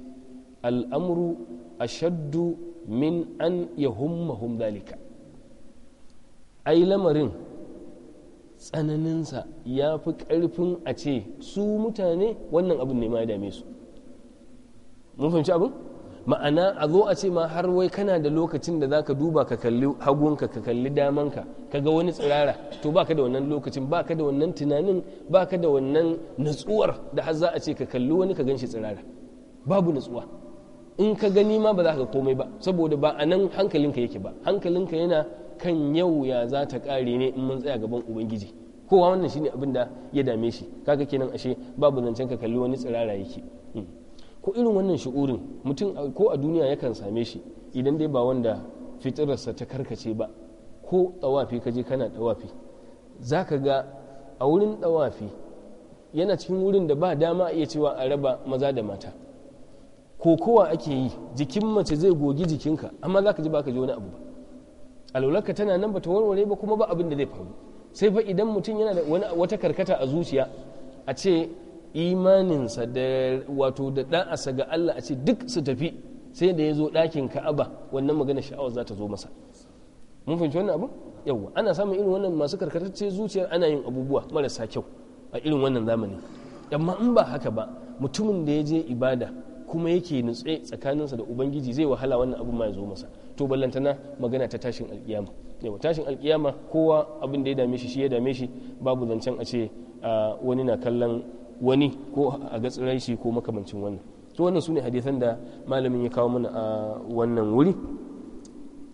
S1: al'amru ashaddu min an yahummahum dalika ai lamarin tsananinsa ya fi ƙarfin a ce su mutane wannan abin ne ma ya dame su mun fahimci abin ma'ana a zo a ce ma har wai kana da lokacin da za ka duba ka kalli hagunka ka kalli damanka ka ga wani tsirara to ba ka da wannan lokacin ba ka da wannan tunanin ba ka da wannan natsuwar da har za a ce ka kalli wani ka ganshi tsirara babu natsuwa in ka gani ma ba za ka komai ba saboda ba a nan hankalinka yake ba hankalinka yana kan yau ya za ta ƙare ne in mun tsaya gaban ubangiji kowa wannan shine abin da ya dame shi kaga kenan ashe babu zancen ka kalli wani tsirara yake hmm. ko irin wannan shi'urin mutum ko a duniya yakan same shi idan dai ba wanda fitirarsa ta karkace ba ko ɗawafi ka je kana ɗawafi za ka ga a wurin ɗawafi yana cikin wurin da ba dama a iya cewa a raba maza da mata ko kowa ake yi jikin mace zai gogi jikinka amma za ka ji ba ka ji wani abu ba alwalarka tana nan bata warware ba kuma ba abin da zai faru sai fa idan mutum yana da wata karkata a zuciya a ce imaninsa da wato da asa ga Allah a ce duk su tafi sai da ya zo ɗakin ka'aba wannan magana sha'awar za ta zo masa mun fahimci wannan abu yawwa ana samun irin wannan masu karkatacce zuciyar ana yin abubuwa marasa kyau a irin wannan zamani amma in ba haka ba mutumin da ya je ibada kuma yake nutse tsakaninsa da ubangiji zai wahala wannan abin ma ya zo masa to ballantana magana ta tashin alkiyama yawa tashin alkiyama kowa abin da ya dame shi shi ya dame shi babu zancen a ce wani na kallon wani ko a ga tsirai shi ko makamancin wannan to wannan sune hadisan da malamin ya kawo mana a wannan wuri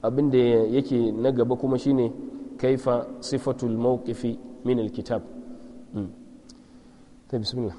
S1: abin da yake na gaba kuma shine kaifa sifatul mawqifi min alkitab hmm. ta bismillah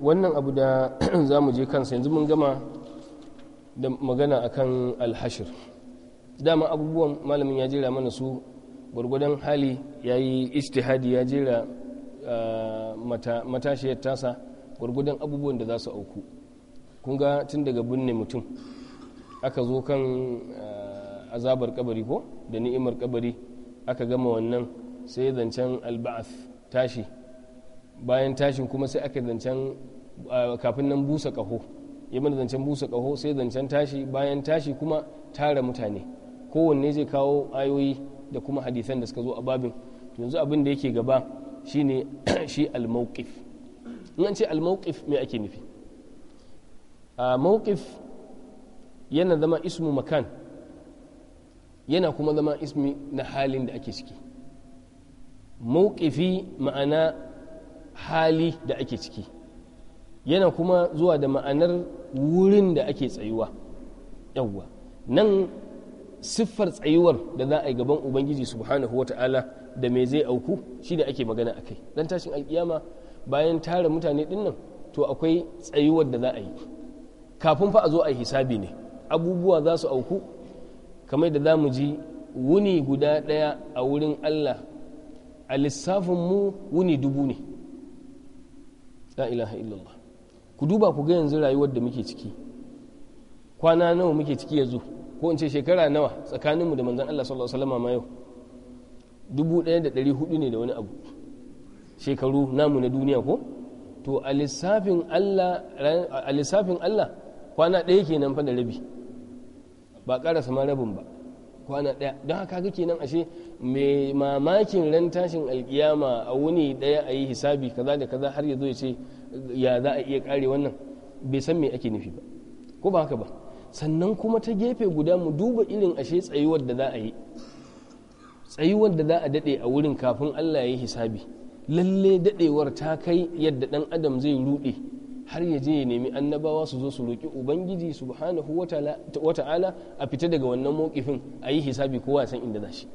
S1: wannan abu da za mu je kansa yanzu mun gama da magana akan alhashir dama abubuwan malamin ya jera mana su gwargwadon hali ya yi istihadi ya jera ah, matashiyar tasa gwargwadon abubuwan da za su auku kun ga tun daga binne mutum aka zo kan ah, azabar kabari ko da ni'imar kabari aka gama wannan sai zancen alba'af tashi bayan tashin kuma sai aka zancen kafin nan busa kaho ya mana zancen busa kaho sai zancen tashi bayan tashi kuma tara mutane kowanne zai kawo ayoyi da kuma hadisan da suka zo a babin yanzu abin da yake gaba shine shi almaukif. in an ce almaukif me ake nufi a maukif yana zama ismu makan yana kuma zama ismi na halin da ake ciki maukifi ma'ana hali da ake ciki yana kuma zuwa da ma'anar wurin da ake tsayuwa yawwa nan siffar tsayuwar da za a yi gaban ubangiji subhanahu wa ta'ala da me zai auku shi da ake magana a kai dan tashin alkiyama bayan tara mutane dinnan to akwai tsayuwar da za a yi kafin fa a zo a hisabi ne abubuwa za su auku kamar da za mu ji wuni guda ɗaya a wurin allah a mu wuni dubu ne la ilaha illallah ku duba ku ga yanzu rayuwar da muke ciki kwana nawa muke ciki yanzu ko in ce shekara nawa tsakaninmu da manzan Allah sallallahu alaihi wasallam ma dubu ɗaya da ɗari hudu ne da wani abu shekaru namu na duniya ko to a lissafin Allah kwana ɗaya kenan fa da rabi ba ƙara sama rabin ba kwana ɗaya don haka ga kenan ashe mai mamakin ran tashin alkiyama a wuni ɗaya a yi hisabi kaza da kaza har ya zo ya ce ya za a iya kare wannan bai san me ake nufi ba ko ba haka ba sannan kuma ta gefe guda mu duba irin ashe tsayuwar da za a yi tsayuwar da za a daɗe a wurin kafin Allah ya yi hisabi lalle daɗewar ta kai yadda ɗan adam zai ruɗe har ya je ya nemi annabawa su zo su roƙi ubangiji subhanahu wata'ala a fita daga wannan mokifin a yi hisabi kowa san inda za shi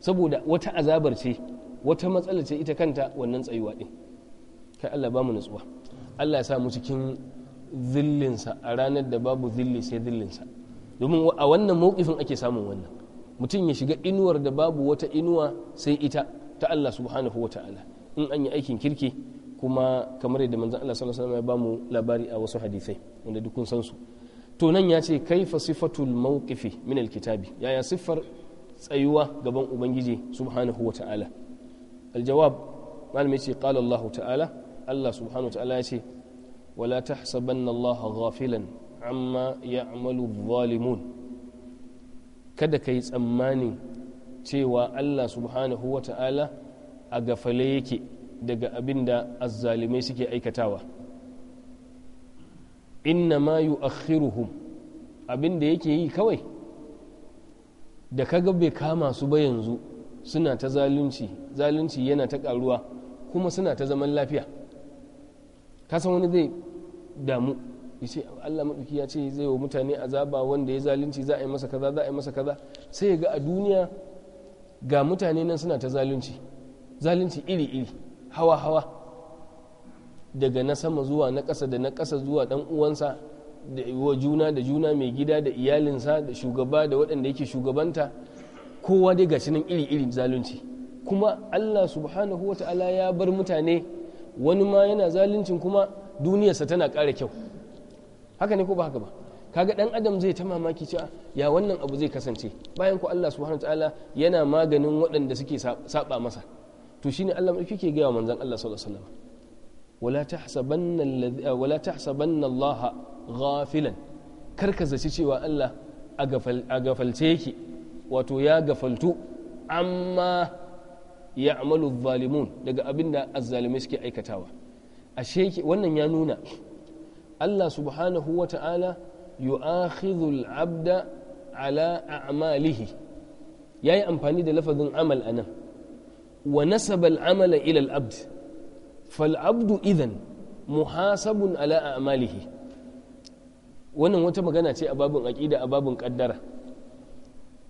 S1: saboda wata azabar ce wata matsala ce ita kanta wannan tsayuwa ɗin kai Allah ba mu nutsuwa Allah ya sa mu cikin zillinsa a ranar da babu zilli sai zillinsa domin a wannan mawkifin ake samun wannan mutum ya shiga inuwar da babu wata inuwa sai ita ta Allah subhanahu wa ta'ala in an yi aikin kirki kuma kamar yadda manzon Allah sallallahu alaihi wasallam ya bamu labari a wasu hadisai wanda duk kun san su to nan ya ce kaifa sifatul mawqifi min alkitabi yaya siffar tsayuwa gaban ubangiji subhanahu wa ta'ala aljawab malami ce qala Allah ta'ala Allah subhanahu wa ta'ala ya ce wala tahsabanna Allah ghafilan amma ya'malu zalimun kada yi tsammanin cewa Allah subhanahu wa ta'ala a gafale yake daga abin da azzalimai suke aikatawa inna ma yu'akhiruhum abin da yake yi kawai da kaga bai kama su ba yanzu suna ta zalunci zalunci yana ta karuwa kuma suna ta zaman lafiya kasan wani zai damu yace Allah maɗauki ya ce zai wa mutane azaba wanda ya zalunci za a yi masa kaza za a yi masa kaza sai yaga ga a duniya ga mutane nan suna ta zalunci zalunci iri iri hawa hawa daga na sama zuwa na ƙasa da na ƙasa zuwa dan uwansa da wa juna da juna mai gida da iyalinsa da shugaba da waɗanda yake shugabanta kowa dai gashi nan iri iri zalunci kuma Allah subhanahu wa ta'ala ya bar mutane wani ma yana zaluncin kuma duniyarsa tana ƙara kyau haka ne ko ba haka ba kaga dan adam zai ta mamaki cewa ya wannan abu zai kasance bayan ko Allah subhanahu ta'ala yana maganin waɗanda suke saba masa to shine Allah mafi ke gaya manzon Allah sallallahu alaihi wasallam wala tahsabanna eh, wala tahsabanna Allah ghafilan karka zaci cewa Allah a gafalce yake wato ya gafaltu amma ya amalu zalimun daga abin da azzalimai suke aikatawa ashe wannan ya nuna Allah subhanahu wa ta'ala yu'akhidhu abda ala a'malihi yi amfani da lafazin amal nan wa nasaba al-amala ila al-abd fal-abdu idan muhasabun ala a'malihi wannan wata magana ce a babin aƙida a babin kaddara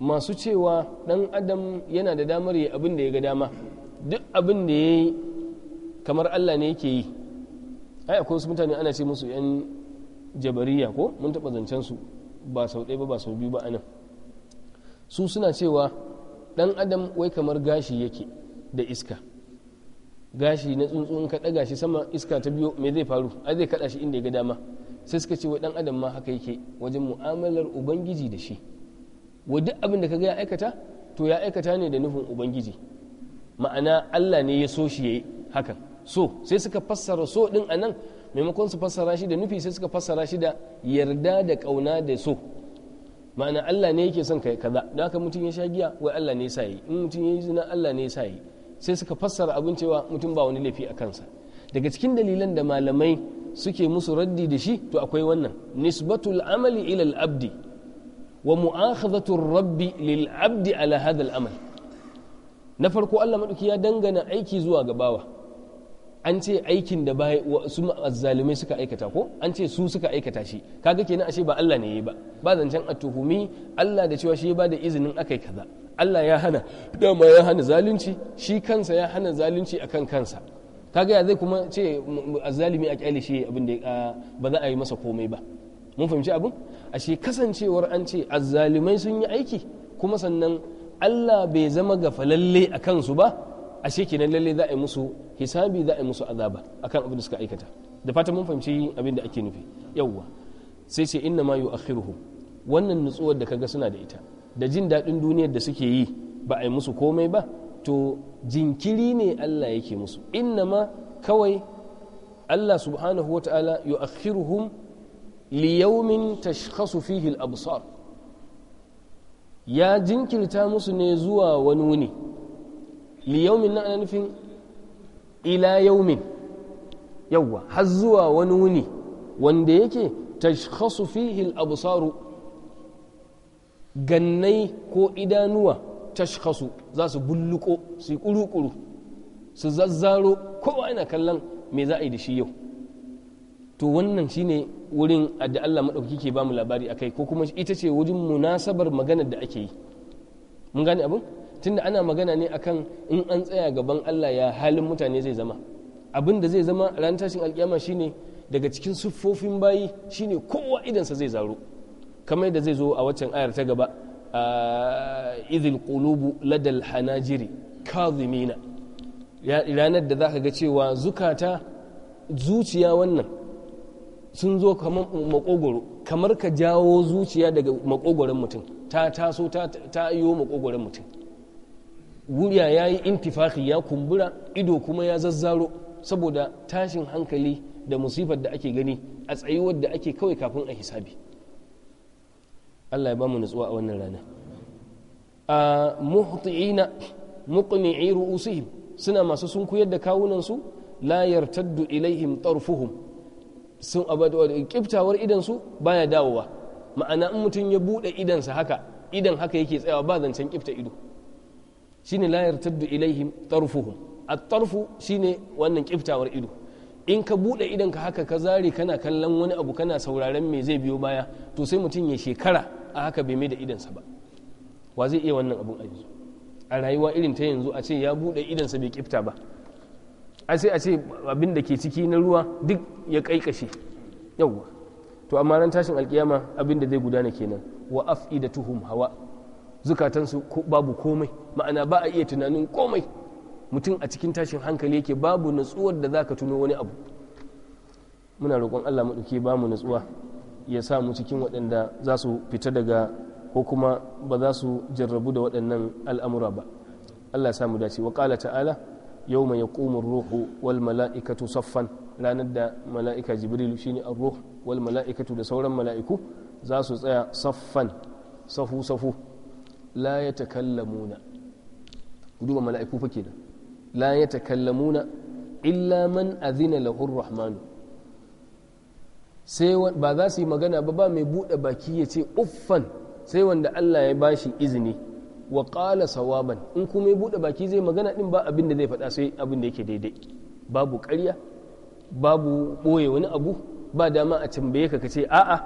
S1: masu cewa ɗan adam yana da damar yi abin da ya ga dama duk abin da ya yi kamar allah ne yake yi ai akwai wasu mutane ana ce musu 'yan jabariya ko mun taɓa zancen su ba sau ɗaya ba ba sau biyu ba anan su suna cewa dan adam wai kamar gashi yake da iska gashi na tsuntsu in ka ɗaga shi sama iska ta biyo me zai faru ai zai kaɗa shi inda ya ga dama sai suka ce wai ɗan adam ma haka yake wajen mu'amalar ubangiji da shi wa duk abin da kaga ya aikata to ya aikata ne da nufin ubangiji ma'ana Allah ne ya so shi yayi hakan so sai suka fassara so din anan maimakon su fassara shi da nufi sai suka fassara shi da yarda da kauna da so ma'ana Allah ne yake son kai kaza da haka mutum ya sha giya wai Allah ne ya sa yi in mutum ya yi zina Allah ne ya sa yi sai suka fassara abin cewa mutum ba wani laifi a kansa daga cikin dalilan da malamai suke musu raddi da shi to akwai wannan nisbatul amali ilal abdi wa mu'akhadhatu rabbi lil abdi ala hadha al amal na farko Allah madauki ya dangana aiki zuwa ga bawa an ce aikin da bai su azzalimai suka aikata ko an ce su suka aikata shi kaga kenan ashe ba Allah ne yayi ba ba zancen tuhumi Allah da cewa shi ba da izinin akai kaza Allah ya hana dama ya hana zalunci shi kansa ya hana zalunci akan kansa kaga ya zai kuma ce azzalimi a kyale abin da ba za a yi masa komai ba mun fahimci abin ashe kasancewar an ce azzalumai sun yi aiki kuma sannan Allah bai zama lalle a kansu ba ashe kenan lalle za a yi musu hisabi za a yi musu azaba akan abin da suka aikata da fatan mun fahimci abin da ake nufi yawwa sai ce inna ma yu'akhiruhum wannan nutsuwar da kaga suna da ita da jin daɗin duniyar da suke yi ba a yi musu komai ba to jinkiri ne Allah yake musu inna ma kawai Allah subhanahu wa ta'ala yu'akhiruhum liyaumin tashkhasu fihi al-absar ya jinkirta musu ne zuwa wani wuni liyaumin na nufin ila yaumin yawwa har zuwa wani wuni wanda yake tashkhasu fihi al-absar gannai ko idanuwa tashkhasu za su bulluko suyi yi kuru-kuru su zazzaro ko yana kallon me za a yi da shi yau to wannan shine wurin da Allah maɗauki ke bamu labari akai ko kuma ita ce wajen munasabar maganar da ake yi mun gane abin tunda ana magana ne akan in an tsaya gaban Allah ya halin mutane zai zama abin da zai zama ran tashin alkiyama shine daga cikin siffofin bayi shine kowa idansa zai zaro kamar da zai zo a waccan ayar ta gaba a ah, idil qulubu ladal hanajiri kazimina ranar da zaka ga cewa zukata zuciya wannan sun zo kamar makogoro kamar ka jawo zuciya daga makogoron mutum ta taso ta iyo makogoron mutum wuriya ya yi intifaki ya kumbura ido kuma ya zazzaro saboda tashin hankali da musifar da ake gani a tsayuwar da ake kawai kafin a hisabi allah ya ba mu nutsuwa a wannan rana a muhti'ina muqni'i ru'usihim suna masu sunkuyar da kawunansu la yartaddu ilaihim tarfuhum sun abadu kiftawar idan baya dawowa ma'ana in mutum ya buɗe idansa haka idan haka yake tsayawa ba zancen kifta ido shine la yartaddu ilaihim tarfuhum at-tarfu shine wannan kiftawar ido in ka buɗe idan haka ka zare kana kallon wani abu kana sauraron me zai biyo baya to sai mutum ya shekara a haka bai mai da idansa ba wa zai iya wannan abun a a rayuwa irin ta yanzu a ce ya buɗe idansa bai kifta ba a sai a ce abin da ke ciki na ruwa duk ya kaikashe yauwa to amma ran tashin alkiyama abin da zai gudana kenan wa afidatuhum hawa zukatansu babu komai ma'ana ba a iya tunanin komai mutum a cikin tashin hankali yake babu natsuwar da zaka tuno wani abu muna roƙon Allah maɗauki ba mu natsuwa ya sa mu cikin waɗanda za su fita daga ko kuma ba za su jarrabu da waɗannan al'amura ba Allah ya sa mu dace wa ta'ala yau mai yaƙumin ruhu wal mala'ikatu saffan ranar da mala'ika jibril shine an ruh wal mala'ikatu da sauran mala'iku za su tsaya saffan safu safu la ya takallamuna duba mala'iku fa kenan la ya takallamuna illa man azina lahu ba za su yi magana ba ba mai buɗe baki ya ce uffan sai wanda Allah ya bashi izini wa ƙala sawaban in kuma ya buɗe baki zai magana ɗin ba abin da zai faɗa sai abin da yake daidai babu ƙarya babu ɓoye wani abu ba dama a tambaye ka ce a'a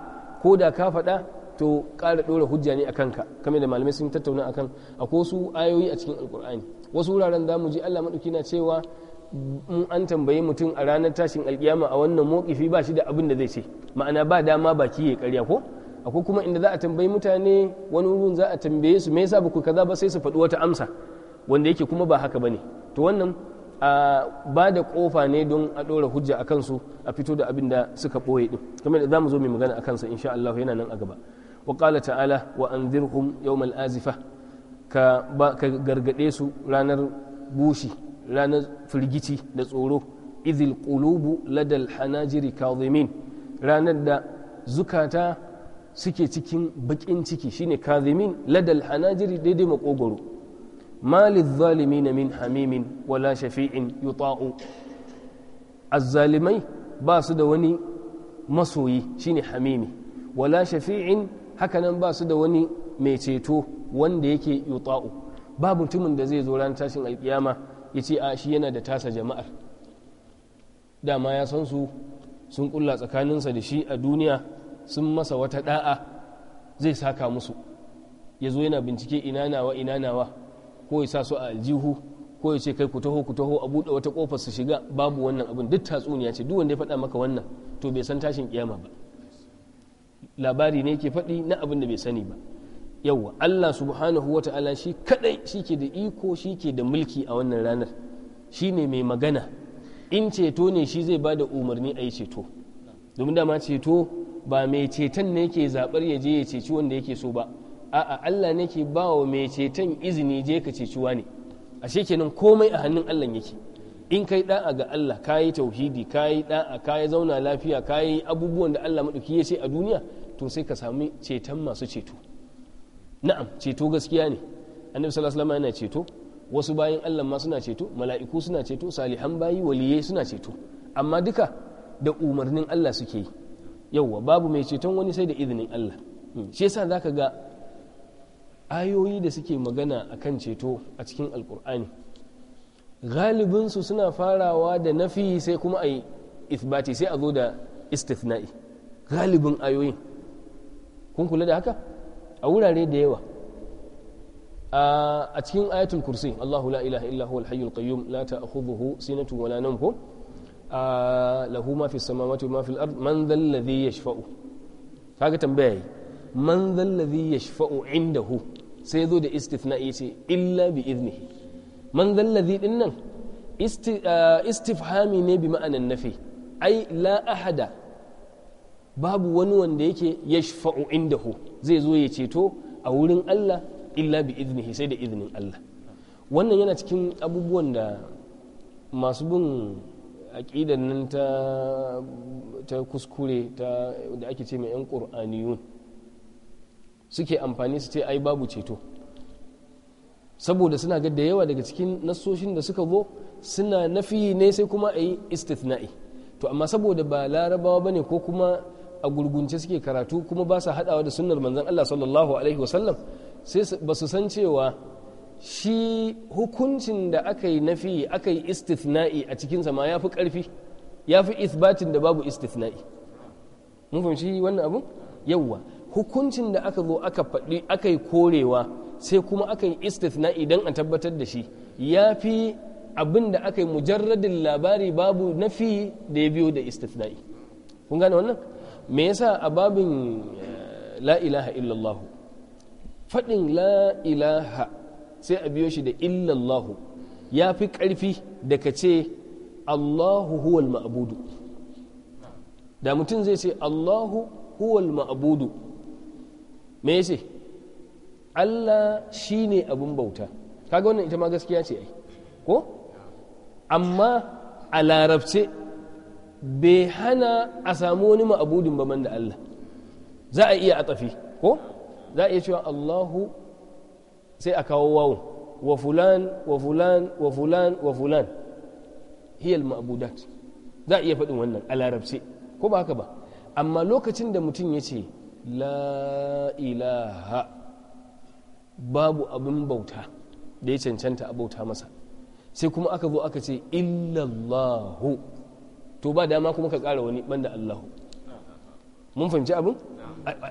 S1: ko da ka faɗa to ƙara ɗora hujja ne a kanka kamar da malamai sun tattauna kan akwai su ayoyi a cikin alƙur'ani wasu wuraren za mu je allah maɗauki na cewa in an tambaye mutum a ranar tashin alƙiyama a wannan mokifi ba shi da abin da zai ce ma'ana ba dama baki ya karya ko akwai kuma inda za a tambayi mutane wani wurin za a tambaye su me yasa baku kaza ba sai su faɗi wata amsa wanda yake kuma ba haka bane to wannan ba da kofa ne don a ɗora hujja a kansu a fito da abin da suka ɓoye ɗin kamar da za mu zo mai magana a kansa insha Allah yana nan a gaba wa qala ta'ala wa anzirhum yawmal azifa ka gargaɗe su ranar bushi ranar firgici da tsoro izil qulubu ladal hanajiri kadhimin ranar da zukata suke cikin bakin ciki shine kazimin ladal hanajiri daidai makogoro malil na min hamimin wala shafi'in yuta'u azzalimai ba su da wani masoyi shine hamimi wala shafi'in hakanan ba su da wani mai ceto wanda yake yuta'u ba mutumin da zai zo ran tashin alkiyama ya ce a shi yana da tasa jama'ar dama ya san su sun kulla tsakaninsa da shi a duniya sun masa wata da'a zai saka musu ya zo yana bincike ina nawa ina nawa ko ya sa su a aljihu ko ya ce kai ku taho ku taho a buɗe wata ƙofar su shiga babu wannan abin duk tatsuniya ce duk wanda ya faɗa maka wannan to bai san tashin kiyama ba labari ne ke faɗi na abin da bai sani ba yawwa Allah subhanahu wa ta'ala shi kadai shi ke da iko shi ke da mulki a wannan ranar shi ne mai magana in ceto ne shi zai ba da umarni a yi ceto domin dama ceto ba mai ceton ne yake zaɓar ya je ya ceci wanda yake so ba a'a Allah ne ke ba wa mai ceton izini je ka ceci ne A kenan komai a hannun Allah yake in kai da'a ga Allah ka yi tauhidi ka yi da'a ka yi zauna lafiya ka yi abubuwan da Allah maɗauki ya ce a duniya to sai ka sami ceton masu ceto na'am ceto gaskiya ne annabi sallallahu alaihi yana ceto wasu bayan Allah ma suna ceto mala'iku suna ceto salihan bayi waliyai suna ceto amma duka da umarnin Allah suke yi yauwa babu mai ceton wani sai da izinin Allah hmm. shi yasa zaka ga ayoyi da suke magana akan ceto a cikin alkur'ani galibinsu suna farawa da nafi sai kuma a yi ithbati sai a zo da istithna'i galibin ayoyin kun kula da haka a wurare da yawa a cikin ayatul kursi Allahu la ilaha illa huwal hayyul qayyum la ta'khudhuhu sinatun wala nawm lahu ma fi samawati ma fil ard man dhal ladhi yashfa'u kaga tambaya yi man dhal ladhi yashfa'u indahu sai zo da istithna'i ce illa bi idnihi man dhal ladhi din istifhami ne bi ma'anan nafi ai la ahada babu wani wanda yake yashfa'u indahu zai zo ya ceto a wurin Allah illa bi idnihi sai da iznin Allah wannan yana cikin abubuwan da masu bin aƙidan nan ta kuskure da ake ce mai 'yan ƙur'aniyun suke amfani su ce ai babu ceto saboda suna ga da yawa daga cikin nassoshin da suka zo suna nafi ne sai kuma a yi istithna'i to amma saboda ba larabawa ba ne ko kuma a gurgunce suke karatu kuma ba su haɗawa da sunnar manzan Allah sallallahu alaihi wasallam sai ba su san cewa shi hukuncin da aka yi nafi aka yi istithna'i a cikin ma ya fi ƙarfi ya fi isbatin da babu istithna'i mun fahimci wannan abu yawwa hukuncin da aka zo aka faɗi aka yi korewa sai kuma aka yi istithna'i don a tabbatar da shi ya fi abin da aka yi mujarradin labari babu nafi da ya biyo da istithna'i kun gane wannan me yasa a babin eh, la ilaha illallah faɗin la ilaha sai a biyo shi da illallahu ya fi ƙarfi da ka ce allahu huwal ma'abudu da mutum zai ce allahu huwal ma'abudu me ya ce allah shi ne abin bauta kaga wannan ita ma gaskiya ce ai ko amma a larabce bai hana a samu wani ma'abudin ba man da allah za a iya a tafi ko za a iya cewa allahu sai a kawo wawo wa fulan wa fulan wa fulan wa fulan hiyal ma'budat za a iya faɗin wannan a larabce ko ba haka ba amma lokacin da mutum ya ce la ilaha babu abin bauta da ya cancanta a bauta masa sai kuma aka zo aka ce illallahu to ba dama kuma ka ƙara wani banda allahu mun fahimci abin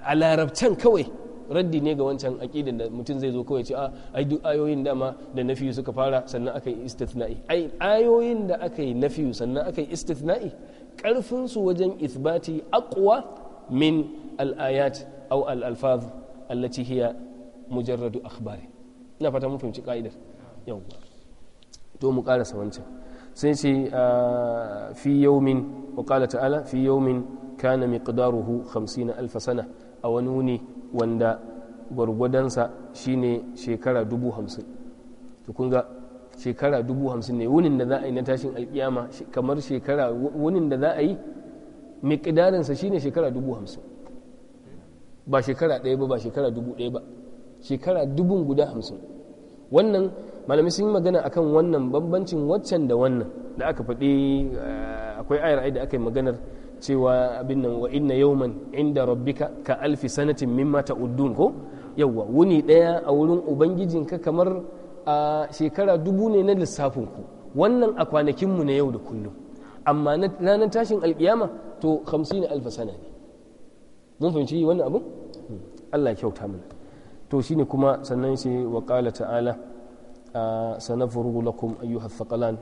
S1: a larabcan kawai raddi ne ga wancan aƙidin da mutum zai zo kawai ce ah, ai duk ayoyin dama da na nafiyu suka fara sannan aka yi istithna'i ai ayoyin da aka yi na nafiyu sannan aka yi istithna'i karfin su wajen ithbati aqwa min al-ayat aw al-alfaz allati hiya mujarradu akhbari ina fata mun fahimci ka'idar yau to mu karasa wancan sai ce ah, fi yawmin wa ta'ala fi yawmin kana miqdaruhu 50 alf sana a wani wuni wanda gwargwadonsa shine shekara dubu hamsin tukunga shekara dubu hamsin ne wunin da za a yi na tashin alkiyama kamar shekara wunin da za a yi miƙidarinsa shine shekara dubu hamsin ba shekara ɗaya ba ba shekara dubu ɗaya ba shekara dubun guda hamsin wannan malamai sun yi magana akan wannan bambancin waccan da wannan da aka faɗi eh, akwai ayar da aka yi maganar cewa abin nan wa inna yawman inda rabbika ka alfi sanatin mimma uddun ko yawwa wuni daya a wurin ubangijinka kamar a shekara dubu ne na lissafin ku wannan a kwanakin mu na yau da kullum amma ranar tashin alkiyama to 50 alfa sana ne mun fahimci wannan abin Allah ya kyauta mana to shine kuma sannan sai wa qala ta'ala sanafuru lakum ayyuha thaqalan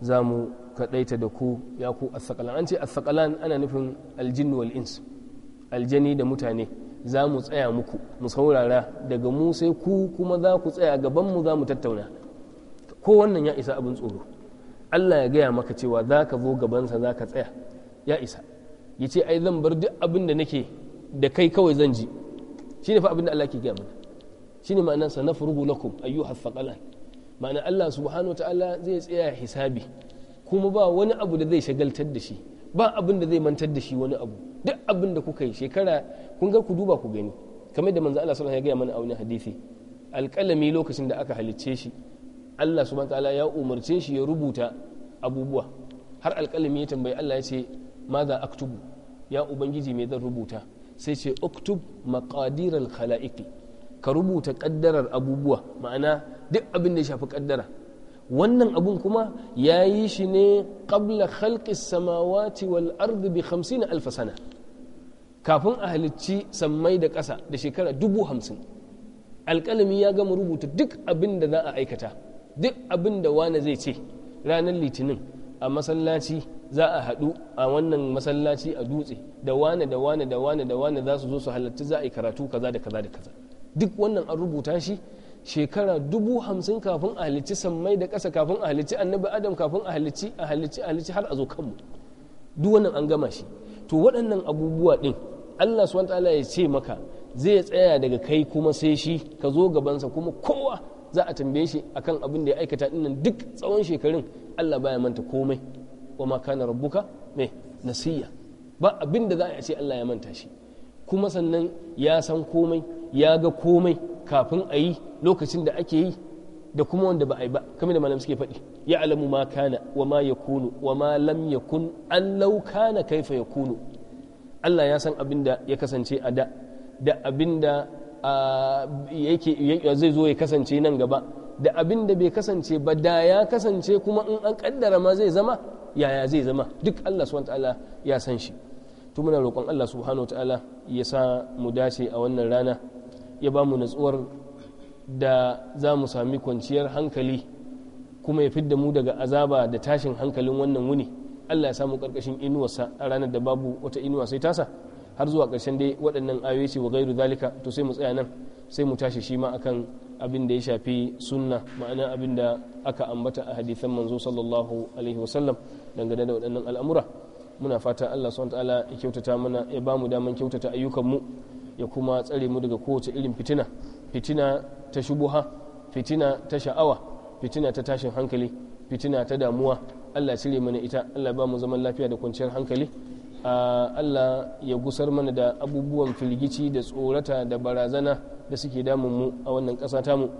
S1: za mu kaɗaita da ku ya ku asakalan an ce asakalan ana nufin aljinnu wal ins aljani da mutane za mu tsaya muku mu saurara daga mu sai ku kuma za ku tsaya gaban mu za mu tattauna ko wannan ya isa abin tsoro Allah ya gaya maka cewa za ka zo gabansa za ka tsaya ya isa ya ce ai zan bar duk abin da nake da kai kawai zan ji shi ne fa abin da Allah ke gaya mana shi ne ma'anarsa na furugu lakum ayyuhar saqalan ma'ana Allah subhanahu ta'ala zai tsaya hisabi kuma ba wani abu da zai shagaltar da shi ba abin da zai mantar da shi wani abu duk abin da kuka yi shekara kun ga ku duba ku gani kamar da manzo Allah sallallahu alaihi wasallam ya gaya mana a hadisi alƙalami lokacin da aka halicce shi Allah subhanahu ta'ala ya umarce shi ya rubuta abubuwa har alƙalami ya tambayi Allah ya ce maza aktubu ya ubangiji me zan rubuta sai ce uktub maƙadiral al ka rubuta kaddarar abubuwa ma'ana duk abin da ya shafi kaddara wannan abun kuma ya yi shi ne qabla khalqis samawati wal ardi bi 50 alf sana kafin a halicci sammai da ƙasa da shekara dubu hamsin alƙalami ya gama rubuta duk abin da za a aikata duk abin da wane zai ce ranar litinin a masallaci za a haɗu a wannan masallaci a dutse da wane da wane da wane da wane za su zo su halarci za a yi karatu kaza da kaza da kaza duk wannan an rubuta shi shekara dubu hamsin kafin a halicci sammai da ƙasa kafin a halicci annabi adam kafin a halicci a halicci a halicci har a zo kanmu duk wannan an gama shi to waɗannan abubuwa ɗin allah subhanahu ta'ala ya ce maka zai tsaya daga kai kuma sai shi ka zo gabansa kuma kowa za a tambaye shi akan abin da ya aikata dinnan duk tsawon shekarun allah baya manta komai wa ma kana rabbuka me nasiya ba abin da za a ce allah ya manta shi kuma sannan ya san komai ya ga komai kafin a yi lokacin da ake yi da kuma wanda ba a yi ba kamar da malam suke faɗi ya alamu ma kana wa ma ya kunu wa ma lam ya kun an lau kana kaifa ya kunu Allah ya san abin da ya kasance a da da abin da yake zai zo ya kasance nan gaba da abin da bai kasance ba da ya kasance kuma in an kaddara ma zai zama yaya zai zama duk Allah subhanahu ta'ala ya san shi to muna roƙon Allah subhanahu ta'ala ya sa mu dace a wannan rana ya ba mu natsuwar da za mu sami kwanciyar hankali kuma ya fidda mu daga azaba da tashin hankalin wannan wuni Allah ya samu karkashin inuwarsa a ranar da babu wata inuwa sai tasa har zuwa karshen dai waɗannan ayoyi ce wa gairu zalika to sai mu tsaya nan sai mu tashi shi ma akan abin da ya shafi sunna ma'ana abin da aka ambata a hadisan manzo sallallahu alaihi wasallam dangane da waɗannan al'amura muna fata Allah subhanahu ya kyautata mana ya ba mu daman kyautata ayyukan mu ya kuma tsare mu daga kowace irin fitina fitina ta shubuha fitina ta sha'awa fitina ta tashin hankali fitina ta damuwa Allah cire mana ita Allah ba mu zaman lafiya da kwanciyar hankali ah, Allah ya gusar mana da abubuwan firgici da tsorata da barazana da suke damun mu a wannan ƙasa tamu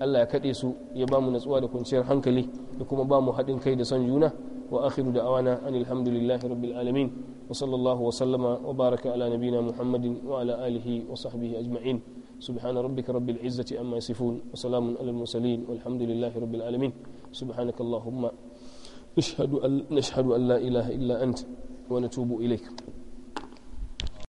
S1: Allah ya kaɗe su ya ba mu natsuwa da kwanciyar hankali da kuma ba mu haɗin kai da son juna وآخر دعوانا أن الحمد لله رب العالمين وصلى الله وسلم وبارك على نبينا محمد وعلى آله وصحبه أجمعين سبحان ربك رب العزة أما يصفون وسلام على المرسلين والحمد لله رب العالمين سبحانك اللهم نشهد أن, نشهد أن لا إله إلا أنت ونتوب إليك